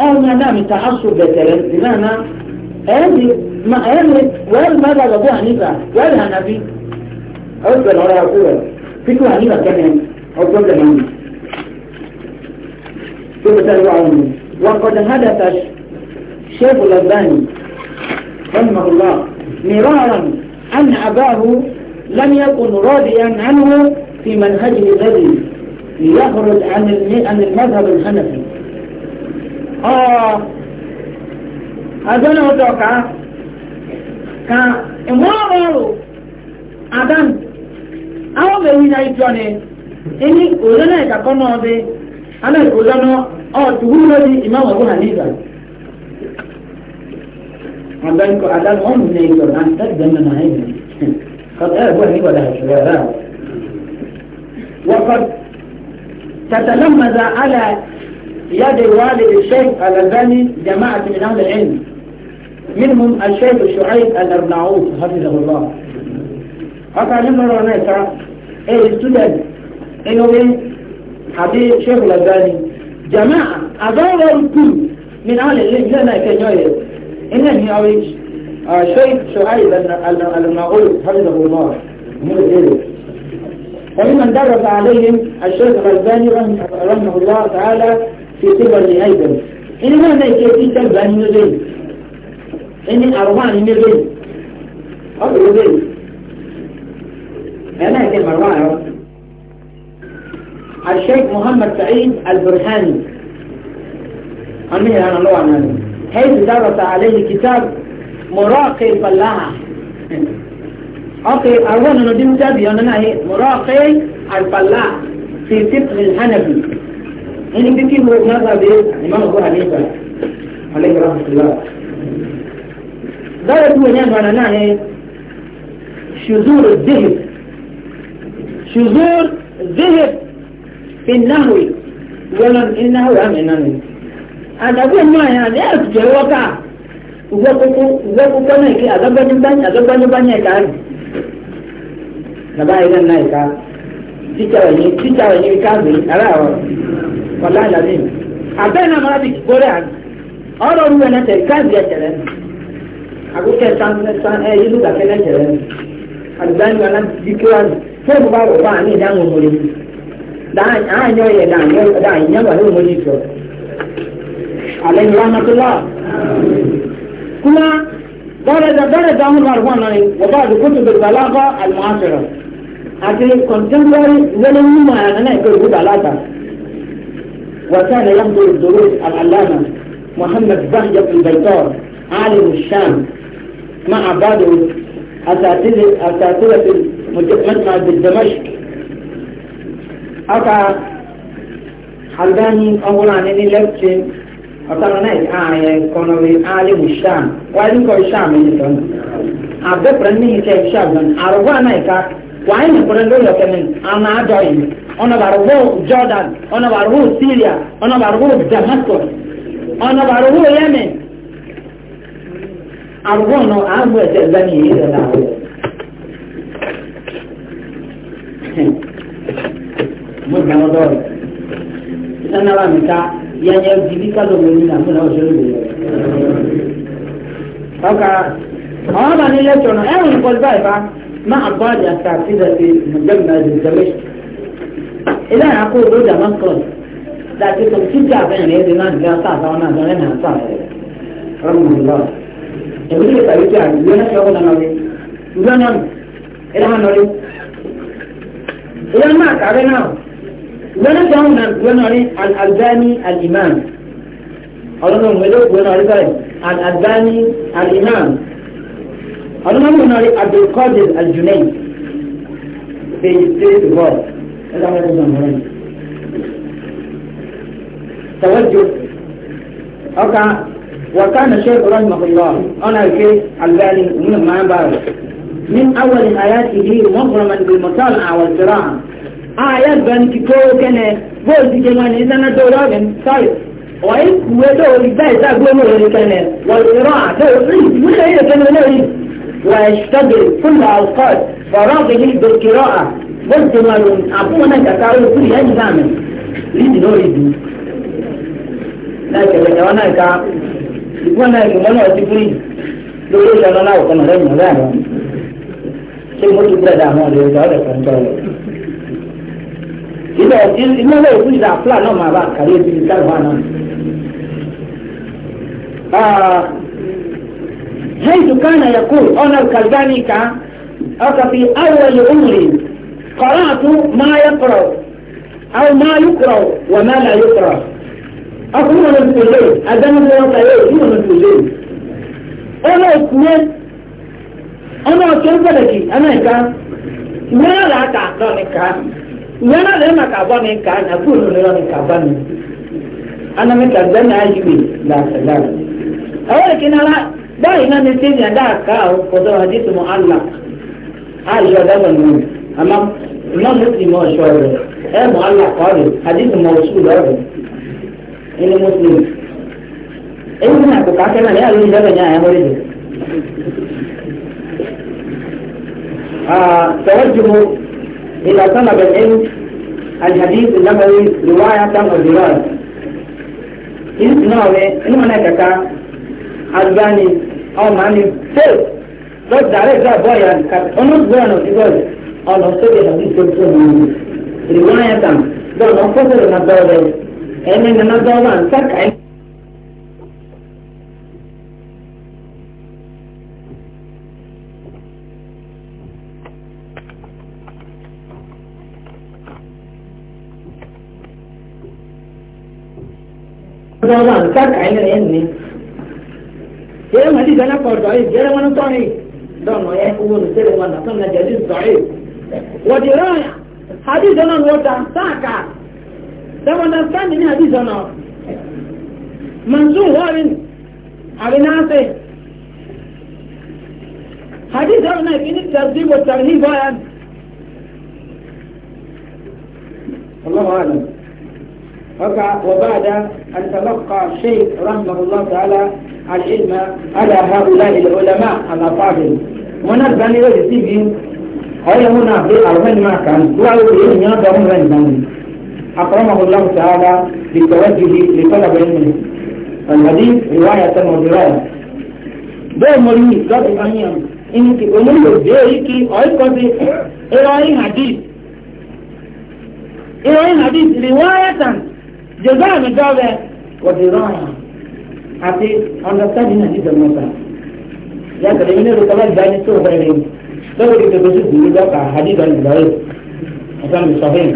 أو ما دام التعصب للكلام بمعنى هذه ما قالت ما ماذا ابو حنيفة وين هنبي أقول أنا ولا في فكرة حنيفة كمان يعني، أو كم لمن كيف تدعون وقد هدف الشيخ الألباني رحمه الله مرارا أن أباه لم يكن راضيا عنه في منهجه الذي يخرج عن المذهب الحنفي ọ adọna ụtọ ka ka mụọ ọrụ adan ahụ ga-ewi na ịjọ ni ịnị ụzọ na-ekakọ n'ọdị ana ụzọ n'ọtụ ụlọ dị imam ọbụ ha n'ịga adan ko adan ọnụ na-eji ọrụ anyị tọrọ ịdọ na anyị kọta ya bụ anyị gwada ha shụrụ ya ra wakọt تتلمذ يد الوالد الشيخ الألباني جماعة من أهل العلم منهم الشيخ الشعيب الأرناؤوط حفظه الله لما رونيسا أي ستودنت إنه إيه؟ حبيب الشيخ الألباني جماعة أدور الكل من أهل العلم لنا كنوية إنه يعيش الشيخ آه، شعيب الأرناؤوط حفظه الله مدرس وممن درس عليهم الشيخ الألباني رحمه الله تعالى كتبني أيضا إن ما ذا كتب تبني نزل إن أروان نزل أبو نزل أنا كم أروان الشيخ محمد سعيد البرهاني أمير أنا الله عنه حيث درس عليه كتاب مراقي الفلاحة أوكي أروان نديم تابي أنا مراقي الفلاح في فقه الحنفي يعني بكي من الناس هذه إمام أبو حنيفة عليه رحمة الله لا يكون يعني أنا نعي شذور الذهب شذور الذهب في النهوي ولن إنه أم إنه أنا أقول ما يعني أنا أتجه وقع وقفوا كما يكي أدبا جمباني أدبا جمباني أكار نبا إذا نايكا تيتا وني تيتا وني كامي أرى أرى والله العظيم عبانا مرابي كوريان أرى روى نتا كاز يتلن أقول كيسان نسان أي يلو كاك نتلن أدبان وانا بيكوان فوق بارو باني دانو مولي دان آن آه، يوي دان يوي دان يوي هو مولي شو عليه رحمة الله كما درجة درجة هم مرهوانا وبعض كتب البلاغة المعاصرة أكيد contemporary ولم يمكن أن يكون هذا وكان يحضر الدروس العلامة محمد بهجة البيطار عالم الشام مع بعض أساتذة مجمع بدمشق أتى حلداني أولا أنني لبتن أتى رنائي آية, آه، إيه، كونوي إيه، عالم الشام وعالم كو الشام يجبون إيه؟ أبدا برنيه كيف شابن أروا نايكا وعين برنيه كمين أنا أدعيني أنباره جوردان أنباره سوريا أنباره دمشق أنباره اليمن أبغون أبغى تزني هذا مجنون أنا لا ميتا يعني جيبيكا لو مني أنا لا أشيله أوكا أنا بني لا تونا أنا نقول بقى ما أبغى يا سعيد أتى مجنون أجلس ilé yẹn akó owó damascus dàtí kò sí jà náà a sáwọn náà jọ lẹ́nu àtà rẹ̀ ọlọ́mọdúnrún èmi lè tàbí tí a ìwé náà ṣọ́kùn náà lọ́rí ìwé náà ilé náà lọ́rí ilé náà kàrí náà ìwé náà ṣọ́kùn náà ìwé náà ìwé ìwé náà abdulkadir الأمر الجمهوري توجه أقع وكان الشيخ رحمه الله أنا الشيخ البالي من ما بارك من أول آياته مغرما بالمطالعة والزراعة آيات بان كتو كان بول تجمان إذا ندولا بان صحيح طيب. وإن ويدو لباية تقوم ولي كان والقراءة تقوم ولي كان ولي ويشتغل كل أوقات فرغبه بالقراءة واجتمال أبونا كتاوي كل أجزام ليد نوريد لكن لو أنا كا يكون أنا كمان أتفري لو ليش أنا لا أكون رأي مزاج شيء مو تبغى ده ما ده ده ده كنترول إذا إذا لا يكون إذا أفلا نوم ما بقى كريه بيتكلم عنه آه حيث كان يقول أنا الكلباني كان أو في أول عمري قرأت ما يقرأ أو ما يقرأ وما لا يقرأ أقول من كلين أدام الله تعالى من كلين أنا أثنين أنا أكيد لك أنا إكا ولا لا تعطاني كا ولا لا ما تعطاني كا أنا أقول لا ما تعطاني أنا متعبان أجمي لا سلام أولك إن أنا دائما نسيني أدعك أو قدر حديث معلق عائشة ده مجنون أما إمام مسلم هو الشاعر إيه معلق قاري حديث موصول أبدا إن مسلم إيه من أبو كاتم أنا إيه قالوا لي ده بنيا يا مريض آه، توجه إلى طلب العلم الحديث النبوي رواية ودراسة إنه نوعي إنه أنا كذا ألباني أو ماني سيف Lord direct that boy and cannot burn of the body. All of Saudi have been controlled by you. Rewire them. Don't offer them a dollar. And then another one, suck and Don't suck, I know, and me. Here, Mali, then I forgot. Here, I want to tell you. دون ويقول سير وانا كنا جديد ضعيف ودراية حديثنا الوضع ساكا دون نستعد من حديثنا منظور وارن على ناسه حديث هنا كين الترتيب والترهيب وارن الله أعلم وبعد أن تلقى الشيخ رحمه الله تعالى العلم على هؤلاء العلماء الأفاضل wọn náà gbani lóye sí ibi ọyọ mu náà pé àwọn ẹni máa kàn wọn àwọn èèyàn yẹn náà dọ̀wọ́ rẹ̀ nìkan ni akọ̀rọ̀mọ̀ ọ̀la ọ̀sàlá lè tọ̀wọ́ ju lè lè tọ́lá bẹ́ẹ̀ ni ọ̀làdí ìwáyà tẹ̀ mọ̀ ìrọ̀ yà. bẹ́ẹ̀ mo ní ìtọ́jú kanyan ìní ti olóyè òde èyí kí ọ̀ẹ́kọ́sí ìrọ̀yìn hadith ìrọ̀yìn hadith ìwáyà tàn jẹ̀dọ́ àmì dọ́wẹ́ wọ̀dì rọ̀ àti understanding àti za ka dai ne da kamar da ni to bare ne saboda da bashi guri za ka hadisi da zai akan sahih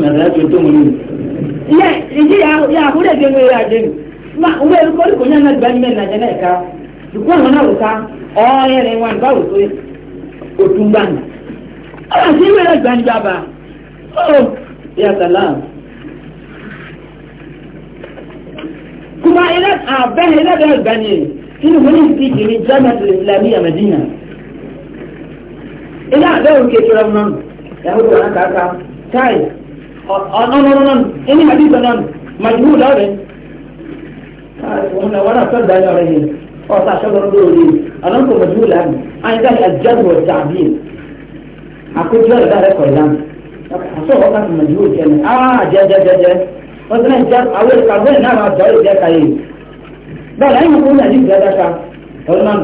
na da ke to mun ya ji ya ya hu da gemu ya ji ma uwe ko ko nyana da ni na jana ka ko na ruka o ya ne wan ba ruka o tun ban ala ji me da gan jaba oh ya salam kuma ah, ila a bẹ́ẹ̀ ila bẹ́ẹ̀ gbani في وليد بيتي للجامعة الإسلامية مدينة إلى أعداء كثيرا من يهود أنا كاكا تاي أنا أنا أنا إني حديث أنا مجهول هذا وانا وانا صدق على رجل وصع شغل رجل أنا أنكم مجهول هذا أنا ذا الجد والتعبير أقول جل ذا لك ولا أصوح وقت مجهول كان آه جا جا جا جا وصلنا جا أول كابين نعم أبدأ جا كاين bẹ́ẹ̀ láyé ìwọ̀n náà ní ìgbàdá kan ọlọ́run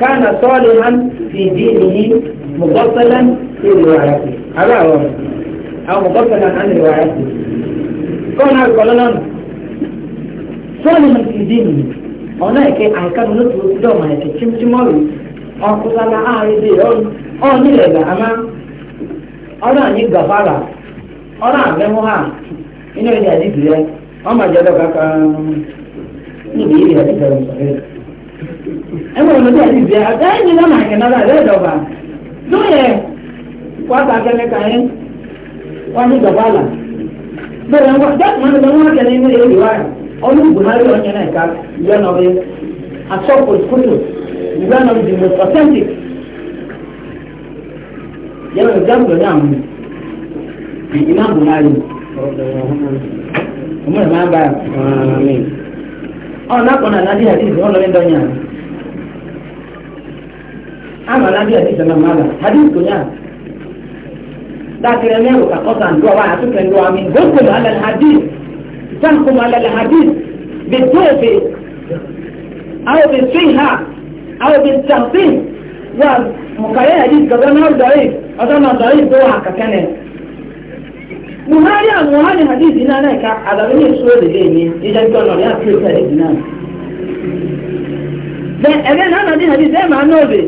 كان صالحا في دينه مفصلا في روايته هذا هو أو مفصلا عن روايته كون هذا قال صالحا في دينه ọ̀nà ìkẹ́ àìkánu ló tó dọ̀ mà ẹ̀kẹ́ tímtímọ́rù ọkùnlára àárẹ̀dẹ̀ ọ̀nìlẹ̀ gàmá ọ̀nà àní gàfàrà ọ̀nà àmẹ́wọ́hà inú ẹ̀dẹ̀ àdìgbì rẹ̀ ọmọ ìjọba kankan. níbi yìí àti ìjọba ìsọ̀rọ̀ ẹ ndị lọ́dọ̀ àti ìjẹ́ àti ndị náà máa kẹ́nà rẹ̀ lẹ́dọ̀ọ̀bà lóye wọ́n ta kẹ́lẹ́ ka yẹn wọ́n ní ìjọba àlà bẹ́ẹ̀ wọ́n dẹ́kun máa ń lọ wọ́n kẹ́lẹ́ inú èrè wáyà ọdún buhari ọ̀nyẹ́ náà ká yẹn náà bẹ́ẹ̀ asọ́pọ̀ ìkúlù ìgbà náà ọ̀nà kọ̀nà aládé àdìsí wọn lọ́lẹ́ dọ́nyà ama aládé àdìsí ọ̀nà mọ́lá àdìsí kò yá dákẹ́rẹ́ mẹ́rù kàkọ́sà ńdọ́ wa àtúkẹ́ ńdọ́ àmì gbókòlù alẹ́ àdìsí sáǹkùmù alẹ́ àdìsí bẹ̀ tóòfè àwọn bẹ̀ sùn ha àwọn bẹ̀ sàǹfìn wà mùkàyà àdìsí kọ̀ọ̀kan náà dọ̀rí ọ̀dọ́ náà dọ̀rí tó wà muhari a muhari hadithi náà náà ká àdàbí ní ìṣó èdè mi ìṣe ń tọ́nà ní àti ìṣe èdè náà. bẹ ẹgbẹ́ náà nàdí hadithi ẹ̀ máa náà bè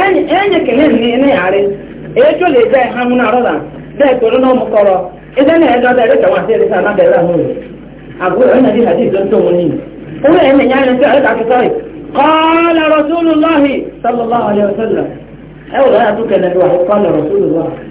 ẹ̀yẹ kẹlẹ́ ní ní àárẹ̀ èyí tó lè bẹ́ hamu náà rọ́là bẹ́ẹ̀ tó lọ́nà ọmọ kọ́rọ́ ẹgbẹ́ náà ẹ̀dọ́ bẹ́ẹ̀ rẹ̀ wọ́n àti ẹ̀rẹ́sà náà bẹ̀rẹ̀ àwọn rẹ̀ àbúrò ẹ̀ nàdí hadithi tó wọn ní. owó ẹ̀ mẹ̀yà rẹ̀ sí ọ̀rẹ́ta kìtọ́ yìí kọ́ọ́lá rọ̀ṣúlù lọ́hìn sọ́lọ́lá ọ̀lẹ́ ọ̀ṣọ́lá ẹ̀ wọ́n lọ́yà tó kẹlẹ́ lọ́wọ́ kọ́ọ́lá rọ̀ṣúlù lọ́hìn.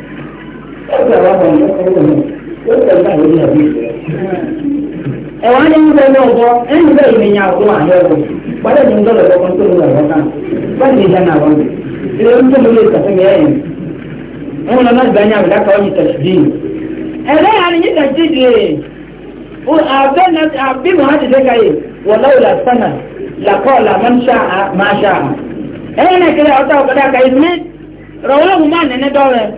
ẹ̀wọ̀n ní ìgbẹ́ náà gbọ́ ẹ̀yìn bẹ́ẹ̀ ni ìyá ọ̀gbọ́n àlẹ́ ọ̀gbọ́n gbọ́dọ̀ ní ìgbọ́dọ̀ lọ́kọ́ tó ń lọ ọ̀gbọ́n kan báyìí ní ìjà náà wọ́n mi ilé ń tó mi lè tẹ̀sí mi ẹ̀yìn ẹ̀wọ̀n lọ́nà ìgbà ní àwùjá kan yìí tẹ̀sí dì ẹ̀rẹ́ àrí yìí tẹ̀sí dì àbí màá ti dẹ́ka yìí wọ́n lọ́wọ́ la sánà làkọ́ làmọ́ṣà máa ṣà ẹ̀yìn náà kiri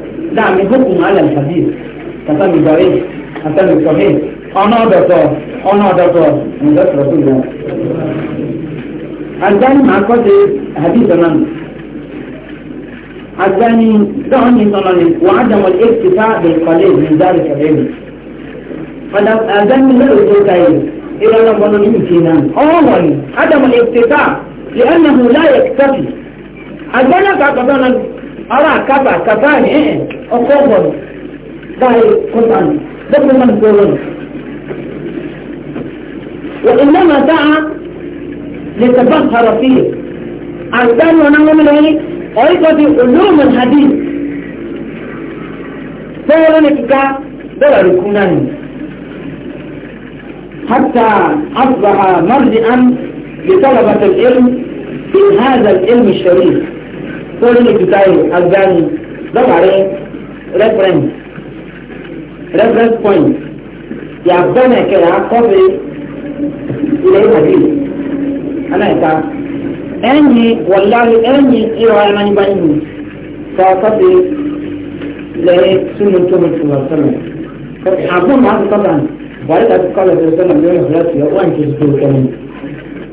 دعمكم على الحديث كتم جريح كتم صحيح أنا دكتور أنا دكتور من دكتور رسول الله الزاني مع قصة حديث من الزاني دعني صلاني وعدم الاكتفاء بالقليل من ذلك العلم فالزاني لا يتوكل إلى لبنان يمكنان أولا عدم الاكتفاء لأنه لا يكتفي الزاني كتبنا ara kaba kaba ni eh ọkọ bọlọ dáhì kọtàn dẹkùn náà gbọlọ ni. وإنما دعا لتبهر فيه عندنا ونعمل إيه أيضا بعلوم الحديث فهو لنكا دور ركونان حتى أصبح مرجعا لطلبة العلم في هذا العلم الشريف lórí ìtútàyè agbáni lọ́màrí reference reference point yàgbọ́n ẹ̀kẹ́ yà kọ́fì ilẹ̀ ìpàdé aláìka ẹ̀yìn wọ̀lárí ẹ̀yìn ìwà ẹ̀mánibáyìí sọ kọ́fì ilẹ̀ súnmùtúmùtù ọ̀sẹ̀lẹ̀ àbúrò máa ń sọ́kàn wàlúùkà kọ́lẹ̀ tó sọ́nà lórí ìfúlẹ́sì ọ̀wọ́n ìṣèṣ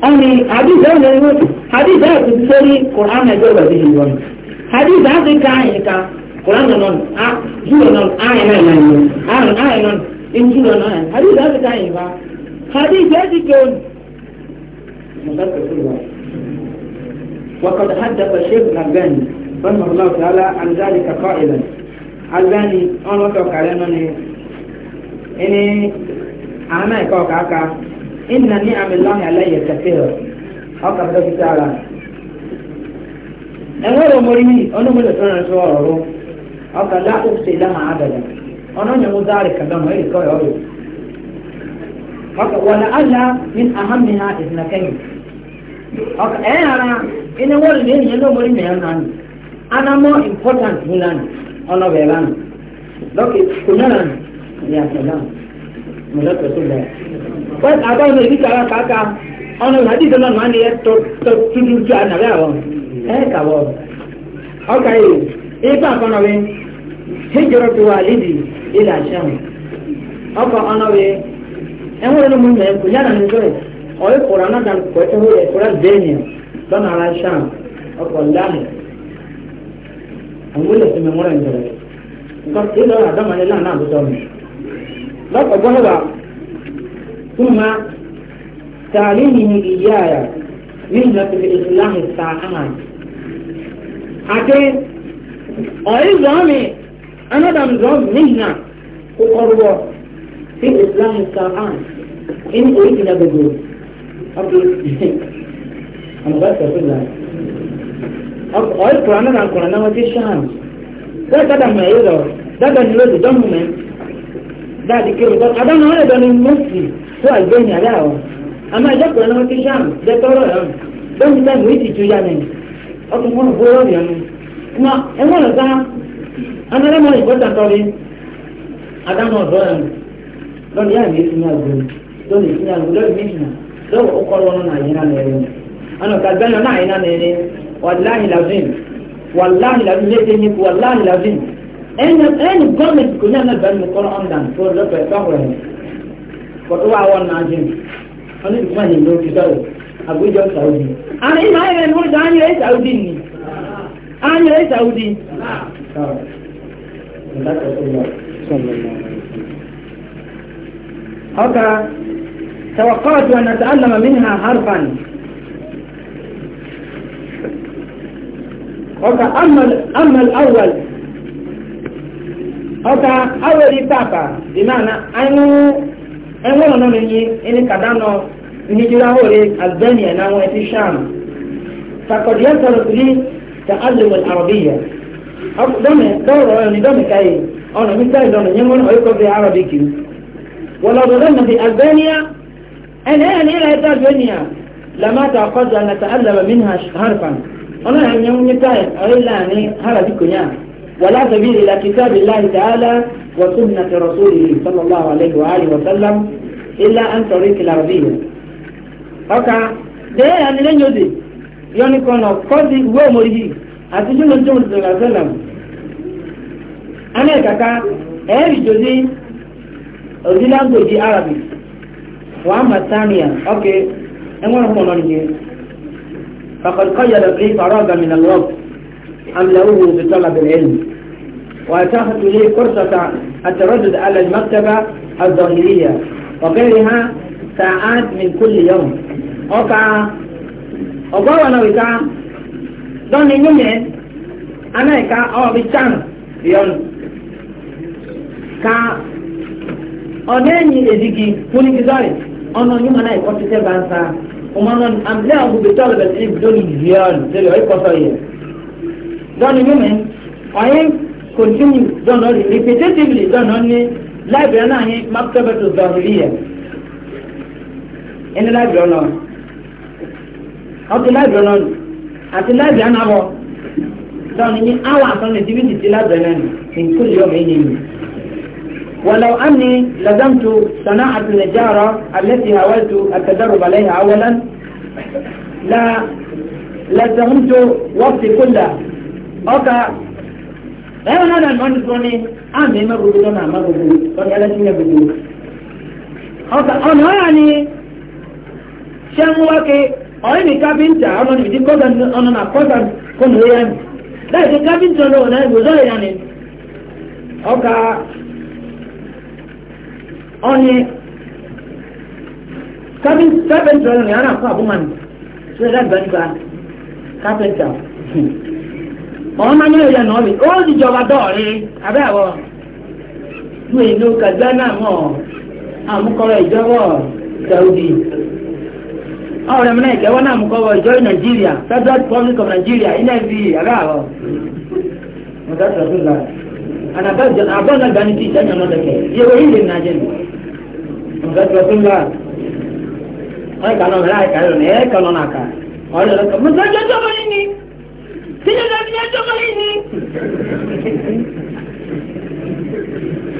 أني حديث هذا يقول حديث هذا بسوري قرآن يجوب به الوان حديث هذا كاين كا قرآن نون آ جوا نون آية نون نون آن آية نون إن جوا نون حديث هذا كاين كا حديث هذا كون وقد حدث الشيخ الألباني رحمه الله تعالى عن ذلك قائلا الألباني أنا وقع علينا إني أنا كوكا إن نعم الله علي كثير أقرأ ذلك تعالى أنا مريمي أنا من أسرنا سواره أقرأ لا أفسي لها عددا أنا نمو ذلك كما هي كوي أولي ولعل من أهمها اثنتين أقرأ أنا إن أول من ينو مريمي أنا أنا more important هنا أنا بيبان لكن كنا يا سلام ملاك رسول الله first abáwọn ẹbí tara kàkà ọ̀nà ìhàdí ìdọ́nà máa ní ẹ tó dúdú ju ànàbí àwọn ẹ kàwọ́ ọkà yìí ipa àkọ́nọ̀wé hejoro ti wà lídìí ilẹ̀ àṣẹwọ̀n ọkọ̀ ọ̀nọ̀wé ẹ̀wọ̀n ẹni mú mẹ́ kò yára ní sọ́yẹ̀ ọ̀rẹ́ kọ̀ọ̀rọ̀ anáda kọ̀ ẹ̀kọ́ wọlé ẹ̀kọ́ lẹ́yìn lọ́nà ara ṣáà ọkọ̀ láàmì àwọn olùsìn mi mọ́ra ìjọba nǹkan tí ثم تعليمه إياي مهنة الإسلام الساعات حتى أيضامي أنا دم زوج مهنة وقروة في الإسلام الساعات إن أريد إلى بجوز أنا بس أقول لك أقول قرآن عن قرآن في الشام ده كده ما يدور ده ده نلوز دمه من ده دي كده ده أنا هذا ده المسلم tó àgbẹ̀ ní àdá ọ̀ àmọ́ ìjọba náà ti sàm jẹ tọrọ ẹ̀ lóyún táìmù yìí ti tu ya mi ọkùnrin wọn bó rọ̀bì ọ̀nù mà ẹ̀wọ̀n ọ̀gá anárẹ́mọ̀ ìbọ̀tà tọ́lé adámọ̀ ọ̀dọ́ ẹ̀ lọ́dún yà mí ìsinmi àgbo lọ́dún ìsinmi àgbo lọ́dún méjìlá lọ́wọ́ ó kọ́ lọ́nà náà yín náà ẹ̀rẹ́ ọ̀nà kàgbẹ́ náà yín náà ẹ̀rẹ́ wàláhì làzín wàláhì làzín lédè ní wàláhì làzín ẹni gọ́ọ̀mẹ̀ntì kò ní àná but who are one na jim wani duk mahin da wuce sauri abuja saudi ana ina hanyar yin wuce an yi rai saudi ne an yi rai saudi haka توقعت أن أتعلم منها حرفا أوكا أما أما الأول أوكا أول بابا بمعنى أنه ẹwọ́n ọ̀nà mi yí ẹni kàdánù ìníjúláwò rẹ albania náwọn ẹtí sham takọ̀díyà sọ̀rọ̀ sí ta azimut arabiya dọ́mẹ dọ́rọ̀ ọ̀rọ̀ ni dọ́mẹ káyé ọ̀nà mi sáyé dọ́nà yẹn wọn ọ̀yẹ́kọ̀ bí arabic yìí wọ́n lọ́dọ̀ dọ́mẹ bí albania ẹni ẹni ẹ̀rọ ẹ̀ta albania lamata kọjá na ta azimut minha harfan ọ̀nà yẹn wọn yẹ káyé ọ̀yẹ́ láàrin ولا سبيل إلى كتاب الله تعالى وسنة رسوله صلى الله عليه وآله وسلم إلا أن تريك العربية أوكا ده أنا يعني لن يدي يعني كون قضي ومره أتجي من جمهور صلى الله عليه وسلم أنا كاكا أهل جوزي أزيلان جوزي عربي وأما الثانية أوكي أمور هم نونيه فقد قيد في فراغ من الوقت أملأوه بطلب العلم وأتاحت لي فرصة التردد على المكتبة الظاهرية وغيرها ساعات من كل يوم أقع أقوى أنا وكا دوني نمي أنا كا أو بيتان يوم كا أنني إذكي فوني كذاري أنا يوم أنا يكوتي سبانسا ومانا بيتال بطلبة إيه بدون زيان زي اللي هيكوتي دوني نمي أين continue don only repetitively don only library náà yẹn maktaba tó zọrìlì yẹ ẹni library náà ọtí library náà àti library náà bọ don ní hour kan lè dìbìtì ti library náà ní kúlì ọmọ yìí nìyí. ولو أني لزمت صناعة النجارة التي حاولت التدرب عليها أولا لا لزمت وقتي كله أوكا ẹ̀rọ náà nà nọ́ọ̀nì sọ ni àmì ẹ̀mẹ́ gbogbo lọ́nà àmà gbogbo lọ́nà ẹlẹ́sìn yẹn gbogbo. ọ̀nà ọ̀yà ni ṣé ń wá ké ọ̀yìn ní kábíńtà ọ̀nà ní ìdí kọ́sà ọ̀nà nà kọ́sà kọ́nù ẹ̀yà ni láì ṣe kábíńtà ọ̀nà ọ̀nà ìgbòsọ̀ ẹ̀yà ni ọ̀ka ọ̀nì kábíńtà ọ̀nà ìyàrá fún àbúmọ̀ ni ṣé ẹ̀ ọ̀hún máa ń yẹ ìyẹn náà mi ó sì jọba dọ́ọ̀rẹ́ abẹ́ àwọ̀ fún ìlú kazana mọ̀ àmúkọ́rọ̀ ìjọwọ́ saudi ọ̀rẹ́ mi náà ìjọwọ́ náà àmúkọ́rọ̀ ìjọ nàìjíríà federal republic of nigeria nfb abẹ́ àwọ̀ mọ̀tà sọ̀túnlá anabẹ́jọ abọ́nà gbanitì ìjọba náà lẹ́kẹ̀ yẹwò ilé nàìjíríà mọ̀tà ọ̀rẹ́ kan náà mẹ́rin àìkàrẹ́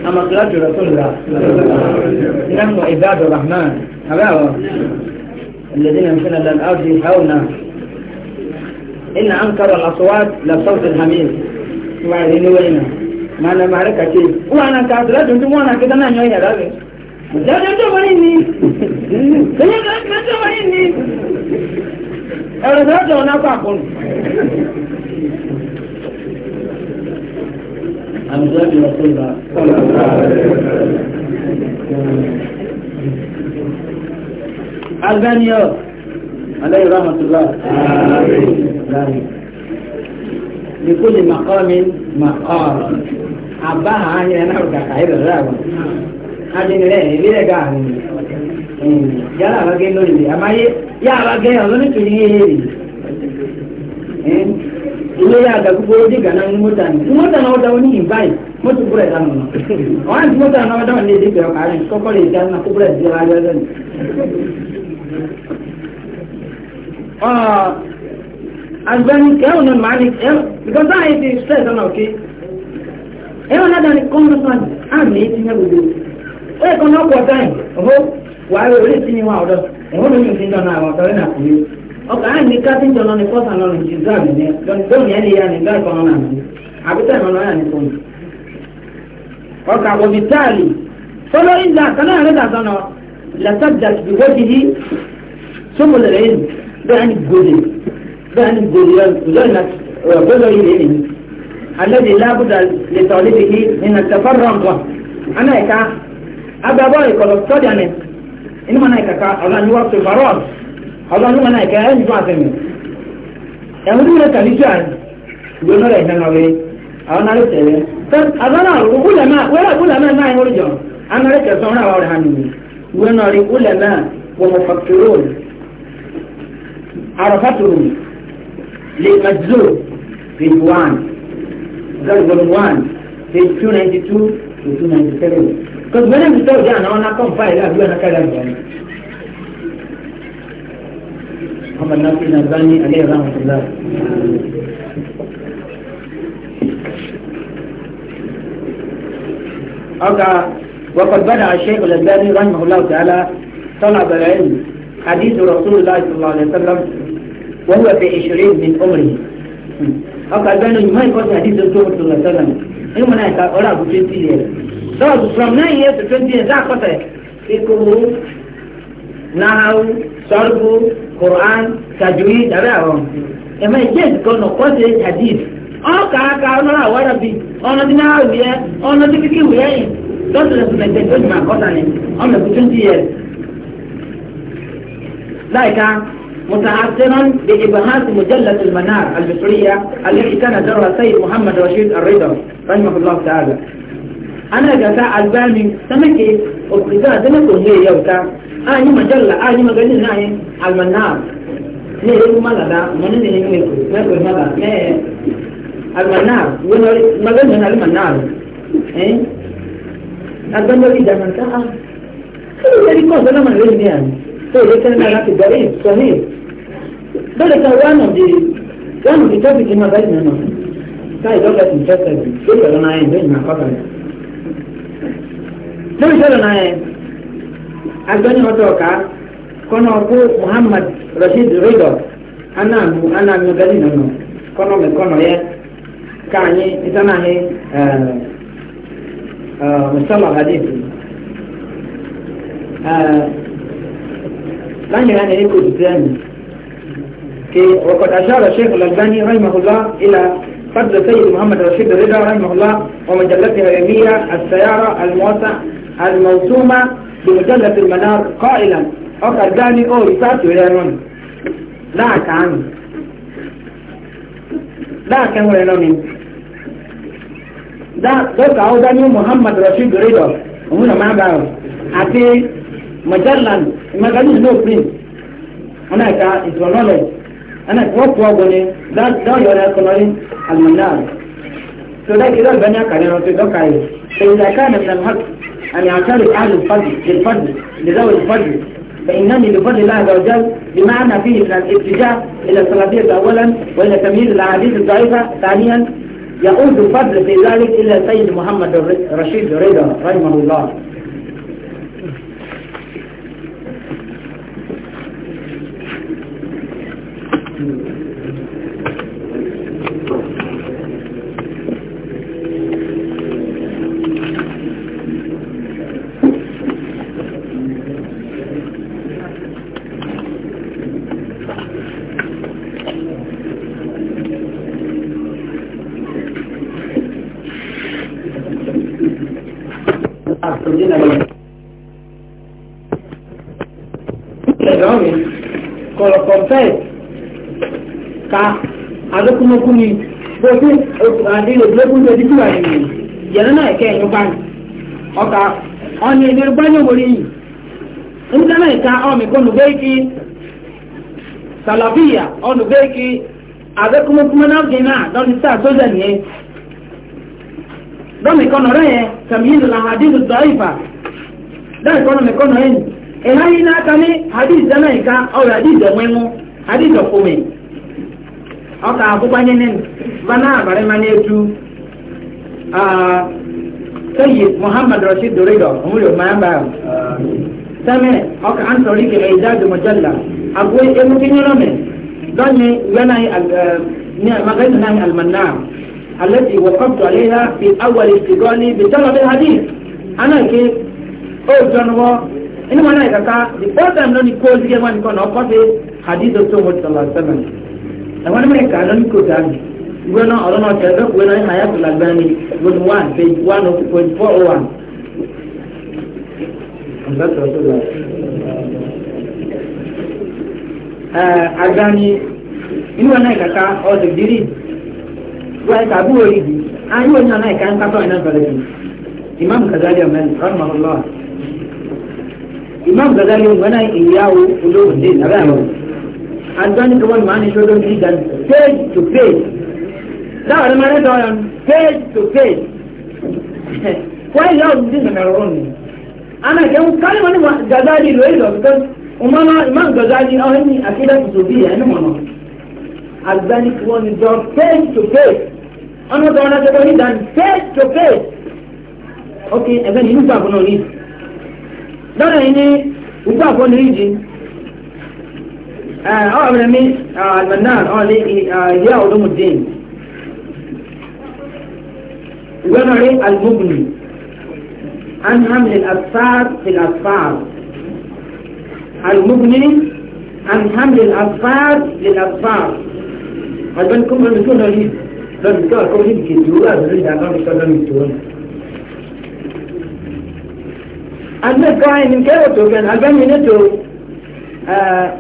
أما صلاة رسول الله نحن عباد الرحمن أبعوا الذين يمشون إلى يحاولنا إن أنكر الأصوات لصوت الحميد وعليني وإنا ما أنا معركة شيء وأنا كأسرات أنتم وأنا كده أنا نعيه رابي مجال أنتم وإني سيدة أنتم وإني أرسلت وأنا أقول عن جاب رسول صلى الله عليه وسلم البانيو عليه رحمة الله آمين لكل مقام مقام أباها هاي أنا أرجع كهير الرابع هذه نلاقي بلا جاهل يا بقى نقول لي أما يا بقى هذا نقول لي ilé yà àgàkú fún ojú gànà ní mọ́tà ní mọ́tà náà ọ̀dà wọn ní ìbáyìí mọ́tò búrẹ̀ dànù nù wọn àti mọ́tà náà ọ̀dà wọn ní ìdíkẹ̀ ọkà rẹ̀ kọ́kọ́ lè dá náà kó búrẹ̀ di ara yọ àgbẹ̀ni kẹ́hùn ní màá ní kẹ́hùn because that is stress ọ̀nà òkè ẹ̀hùn náà dání kọ́mọ́sán àmì ètí ní gbogbo ó yẹ kọ́ náà pọ̀ táyì ọ̀hó wàá rẹ̀ orí ìsinmi wọn àwọ̀dọ̀ ẹ̀hùn ní ọkà á ní kápẹ́ntì ọ̀nà ni. fọ́sà lọ́nà ní ìzáàmù ni lónìí ẹni ya ní gbàgbọ́ ọ̀nà àmì àbútà ìmọ̀nà ọ̀yà ní fọ́nù. ọkà òbí táàlì following that kan náà rẹ́dà sọ́nà lasadat biwọ́jìhì sómọlẹ̀rẹ̀ yìí bẹ́ẹ̀ ni gòlè bẹ́ẹ̀ ni gòlè lọ́nà ọ̀gbẹ́lọ́ yìí lẹ́yìn alẹ́dẹ̀ lábùdà lẹ́tọ̀ lẹ́tẹ̀kì nínú tẹ̀fọ́rọ̀ǹkọ̀ anáyẹ̀ká agbábọ́ ìkọlọ̀ sọ́díàmẹ̀ inú mọ̀ náà ìkàkà ọ̀làníwọ̀ sọ̀fọ̀rọ̀ọ̀sì ọlọ́run mọ̀ náà ìkẹ́ ẹ̀ ń dún àfẹ́mi ẹ̀hún ní ìrẹ́ kàlíṣà ìwé náà rẹ̀ ìhẹ́nà rẹ̀ àwọn náà rẹ̀ tẹ̀lé àbára wúlẹ̀mẹ́ wúlẹ̀mẹ́ náà ìwé jọ àwọn rẹ̀ tẹ̀sán ọ̀rọ̀ àwọn rẹ̀ hàn mí ìwé náà rí wúlẹ̀mẹ́ wọ́n fàkìrò àròfàtòrò lè mẹ́jọ́ page one zero zero one page two ninety two to two ninety seven because when i be tell you that na one na come file that you and i carry am join. محمد ناصر الألباني عليه رحمة الله أرجع وقد بدأ الشيخ الألباني رحمه الله تعالى طلب العلم حديث رسول الله صلى الله عليه وسلم وهو في عشرين من عمره أرجع الألباني ما يقول حديث رسول الله صلى الله عليه وسلم إنما نحن أرى ب 20 years so from 9 years to 20 years that قصة فقه نحو صرف Quran tajwid ara àwọn ẹmọ ìjẹ́ ìkọlù kọ́sẹ̀ hadith ọkà aka ọ̀nà àwọn arabi ọ̀nà tí náà wíyẹ ọ̀nà tí kíkì wíyẹ yìí lọ́sọ̀ lọ́sọ̀ lẹ́gbẹ̀ẹ́ tó jùmọ̀ àkọ́ta ni ọ̀nà tí twenty years. láìka متعثرا بإبهات مجلة المنار البصرية التي كان درها السيد محمد رشيد الرضا رحمه الله تعالى ana gasa albani ta make ofisa ta make ne yauta a yi majalla a yi maganin na yin almanna ne yi kuma lada mani ne yi mai mai kuma lada ne almanna wani maganin almanna eh albani yau idan man ta'a kai da rikon zama mai rai ne a sai dai kan na rafi gare sahi dole ka wani da wani da tafi kima bai na nan kai dole ka tuntar ka sai ka zama yin zai na kwakwalwa lórí sọ̀rọ̀ náà yẹn agbẹ́ni ọ̀tọ̀ ọ̀ka kọ́nà ọkọ muhammad rasheed rido anaamu anaamu gani nínú kọ́nà mi kọ́nà yẹ káànyi ìtànàhí mùsàlá hadith láyìn láyìn ní kò tutù ẹ̀mí kí ọkọ̀ tàṣà rasheed lọ́gbani rahimahullah ilà. فضل سيد محمد رشيد رضا رحمه الله ومجلته العلمية السيارة الموسع الموسومة بمجلة المنار قائلا أقل جاني أو رسالة ويانون دعك كان دعك كان ويانون دع دعك أو داني محمد رشيد رضا ومونا ما بعرف أتي مجلة مجلة نو برين هناك is knowledge أنا أتوقع أقولي إيه؟ لا لا يرى أقولي إيه؟ المنار كذا بنيا كارين أو تدو كاي. فإذا كان من الحق أن يعترف أهل الفضل للفضل لذوي الفضل فإنني بفضل الله عز وجل بمعنى فيه من الاتجاه إلى الصلاحية أولا وإلى تمييز الأحاديث الضعيفة ثانيا يعود الفضل في ذلك إلى سيد محمد الرشيد رضا رحمه الله na ìlòdìlógún tó dídú àyè nìyí yẹ̀rọ náà ẹ̀kẹ́ ẹ̀yọ́ bá mi ọkà ụgbọ ìdèrè bá yóò wọlé yìí nígbà náà ìka ọmọ ìkọ́ nù bẹ́ẹ̀ kí sàlàfíà ọ̀nù bẹ́ẹ̀ kí àbẹ́kúmọ́kúmọ́ náà gẹ̀ náà lọ́nà sáà sójà nìyẹn dọ́mì kọ́nà rẹ̀ ọ ka akwụkwanye nne ma na-abara ma na-etu sayyid muhammad rashid dorido omuriyo ma ya mba ahụ sami ọ ka ansọrọ ike eidadu eh, mujalla agwọ emuke nyere me donye yana ni magana nani almanna التي وقفت عليها في أول استقالي بطلب الحديث أنا كي أو جنوا إنما أنا إذا كان the first time لوني كل يوم أنا كنا أقرأ حديث الرسول صلى الله عليه وسلم àwọn ọmọ ẹ̀ka ló ń kó sáàbì ìwé náà na náà tẹ̀lé ìwé náà ìmọ̀ ayáàtò làgbára ní volume one page one oh point four oh one. Eh, agbani ìwé náà kàkà ọ̀sẹ̀ dìrì ìwé ẹ̀ka àbúrò ìdí ayé onye náà ẹ̀ka ńkà tọ́ ìnáà bẹ̀rẹ̀ yìí imam kazali ọ̀mẹ́rin ọ̀rọ̀ mọ̀ ọ̀lọ́wà imam kazali ọ̀mẹ́rin ìyáwó olóògùn dé àwọn and don't come on man and show them this and page to page. Now the man is on page to page. Why love this and our own? Ana ke un kare mani gazali lo ilo because umana imam gazali aw ni akida kusubiya ni mono. Azali kuwa ni do page to page. Ana do na ke ni dan page to page. Okay, and then you know sabu no I need you upa ko ni ji. آه،, اه من مين آه المنان اه ليه آه يا علوم الدين ونري المبني عن حمل الأسفار في الأسفار المبني عن حمل الأسفار للأسفار هل بنكم عن بسونا ليه لن بتاعكم ليه كدوا بلد عقام السلام الدون أنا قاعد من كيوتو كان ألبان منتو آه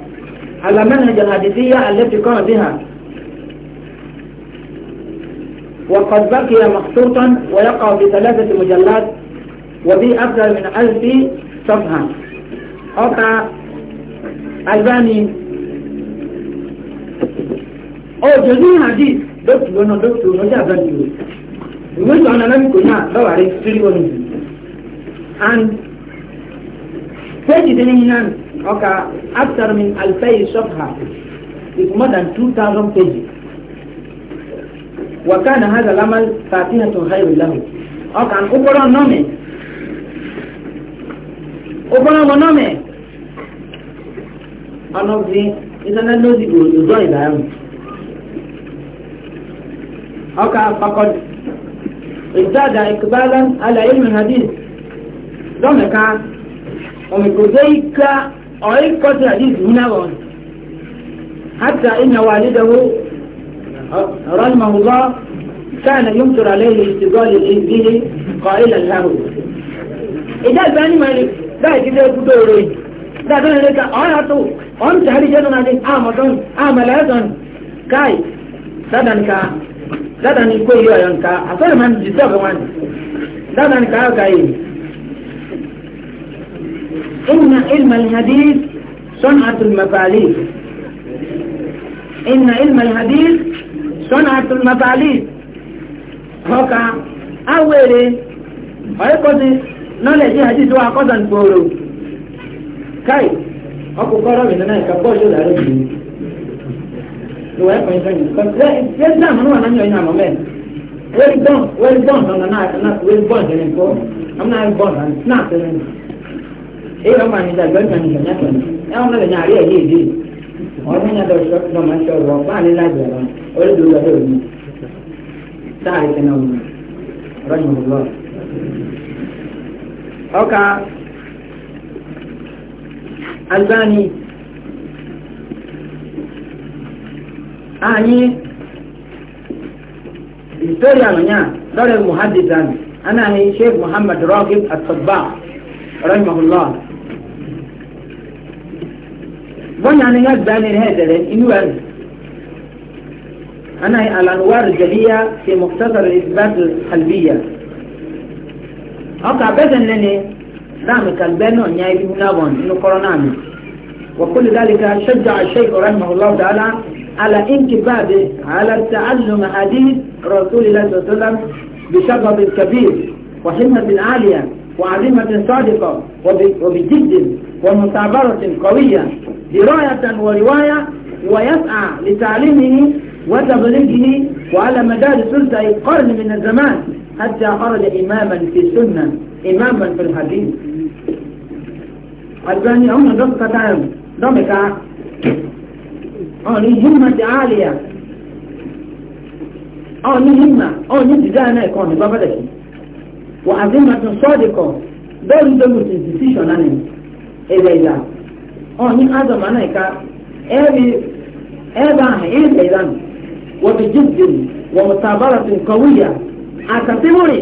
على منهج الحديثية التي قام بها وقد بقي مخطوطا ويقع في ثلاثة مجلات وفي أكثر من ألف صفحة أقع ألباني أو جزيل حديث دكتور أنا دكتور نجا بنيو يقول أنا لم يكن لو عرفت تريد and page دليل Okay, after min alfai safha is more than 2,000 pages. وكان هذا العمل فاتحة خير له. Okay, أقرأ نومي. أقرأ ونومي. أنا of إذا إذا الذي يزوي دائما. Okay, فقد ازداد إقبالا على علم الحديث. دومي كان ومكوزيكا أي قتل عزيز هنا حتى إن والده رحمه الله كان يمطر عليه استقال الإنجيل قائلا له إذا بني مالك ده كده بدوري ده كان لك آياته أنت هل جدنا عليك آمدون آملاتون كاي سدن كا سدن يكوي يوين كا أصلا من جدا كمان سدن كا كاي إن علم الحديث صنعة المفاليس إن علم الحديث صنعة المفاليس هكا أولي ويقضي نولي حديث وعقضا فورو كاي أكو قرار من أنا كبوش الأرضي لو يفعل إنسان لا يزدام هو أنا يوين عمو مين well done well done on the night and not well born here in four I'm not born I'm not here in four èyí ya àyìnlá gbẹ́gbẹ́ nìkan yàtọ̀ ẹ̀wọ̀n mẹ́rin náà rí ẹ̀yẹ ìdí ọdún yàtọ̀ ṣọ́ọ̀tún máa ń ṣe ọ̀rọ̀ ọ̀pá àlélá ìjọba orílẹ̀ olùdarí òní táàrí tẹ̀lé òní rọ́yìn òwúrọ̀. ọkà anyị ààyè ìtòrí àlùyà lọ́rẹ̀ muhammad zani anáhìn sheikh muhammad rọ́gib àtọ́gbà rọ́yìn òwúrọ̀. من يعني يقدر هذا الانوار أنا الأنوار الجلية في مختصر الإثبات الحلبية أقع بذن لني رامك البنو أن يجب نابون إنه قرنامي وكل ذلك شجع الشيخ رحمه الله تعالى على انكبابه على تعلم حديث رسول الله صلى الله عليه وسلم بشغف كبير وحمة عالية وعظيمة صادقة وبجد ومثابرة قوية دراية ورواية ويسعى لتعليمه وتبليغه وعلى مدار ثلثي قرن من الزمان حتى خرج إماما في السنة إماما في الحديث الثاني أمنا دقة تعلم دمك أو همة عالية أو لي همة أو لي بداية يكون بابا لكي وعزيمة صادقة دون دون تنسيشون أنا إذا إذا onye adam anaghị ka ebe ahụ ịda ịda nụ wọbi jibjim tabaratu nkawiya akatimori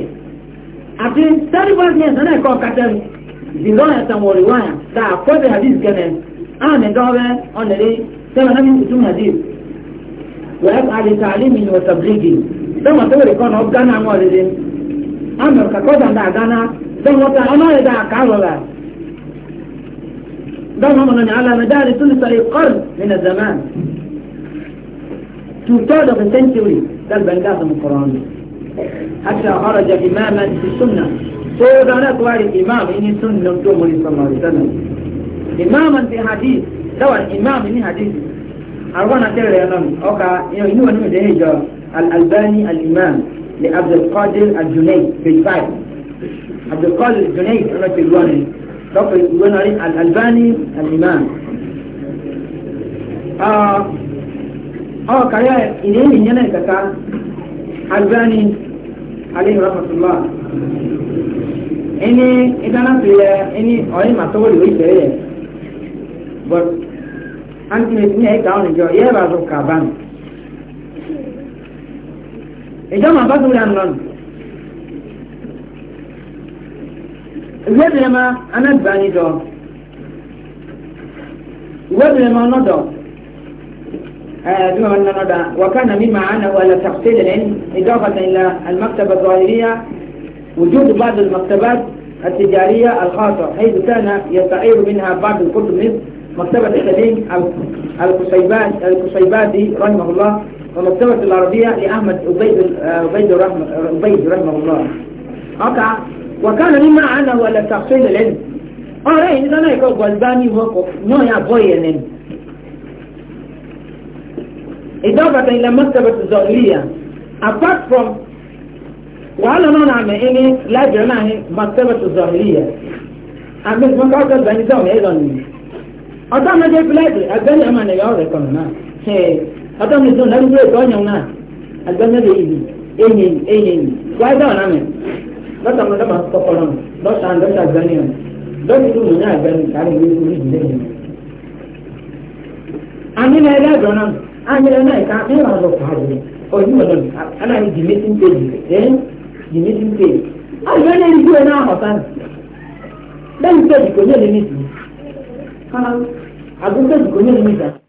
àti tẹ́lifásí yẹn sẹ́nà ẹ̀kọ́ kátẹ́nu zìlọ́ ẹ̀sán wọ̀rì wáyà dá àkọ́bẹ̀ hadith kẹ́nẹ̀ àwọn ẹ̀dọ́wẹ́ ọ̀nẹ̀rẹ́ sẹ́wọ̀n náà ní ìtumọ̀ hadith mi ní wọ́n sàbírígì sẹ́wọ̀n tó wẹ̀rẹ̀ kọ́ náà gánà àwọn ọ̀rẹ́dẹ́ àmọ̀ kakọ́dà dà gánà ضمنا على مدار ثلثي قرن من الزمان two thirds of a century ده البنكات من القرآن حتى خرج إماما في السنة فوضعنا كواري إمام إني سنة تومني صلى الله عليه وسلم إماما في حديث دوا إمام إني حديث أروانا تيري يا نمي أوكا إنو نمي دهيجا الألباني الإمام لعبد القادر الجنيد في 5 عبد القادر الجنيد أنا في الواني Dr. Iwanari Al-Albani Al-Imam. Awa ah, ah, kare ine yin yana kaka Albani alayhi rahmatullah. Ini idana fiye ini oyi matawari oyi fere But ultimately ni ayi kawo nijo ye ba zo kaban. Ijama ba dura nan آه، وكان مما عانه على تفصيل العلم إضافة إلى المكتبة الظاهرية وجود بعض المكتبات التجارية الخاصة حيث كان يستعير منها بعض الكتب مكتبة السليم القصيباتي رحمه الله ومكتبة العربية لأحمد عبيد آه، رحمه الله أقع wakana ni maa ana wala tafsir lẹnu ọrẹ yìí nígbà náà ẹkọ gbọlbani wọkọ náà yà bọ yẹn lẹnu. ìdọ́bàtà ilẹ̀ mọ́tàbàtà zọlíyà apart from wàhálà náà nàá mẹ ẹni láìpẹ́ náà ní mọ́tàbàtà zọlíyà àmì ìfọ̀nkà ọ̀gá gbani zọ̀ọ̀ yẹn lọ nìyí. ọ̀tá mi dé fúláìtì àgbẹ̀lẹ̀ ẹ̀ma ni yọ̀ọ́ rẹ̀ kọ̀nù náà ọ̀tá mi dùn lẹ́nu gbé ìtọ́nyẹ̀wò náà lọ́sà mọ́ lọ́mà kọ́kọ́rọ́ lọ́sà lọ́sà gánìyàn lọ́sì tó mọ̀ ní àgbẹ̀rù sáré ìwé orí ìdílé yìí. ànílẹ̀ ẹlẹ́dọ̀ náà ànílẹ̀ náà ìka ẹ̀rọ àlọ́ pàdé ọ̀yìn ọ̀nà aláàbí di meeting page ẹ̀ di meeting page. àgbẹ̀ náà ìdí ẹ̀ náà ọ̀sán lẹ́yìn page kò ní ẹ̀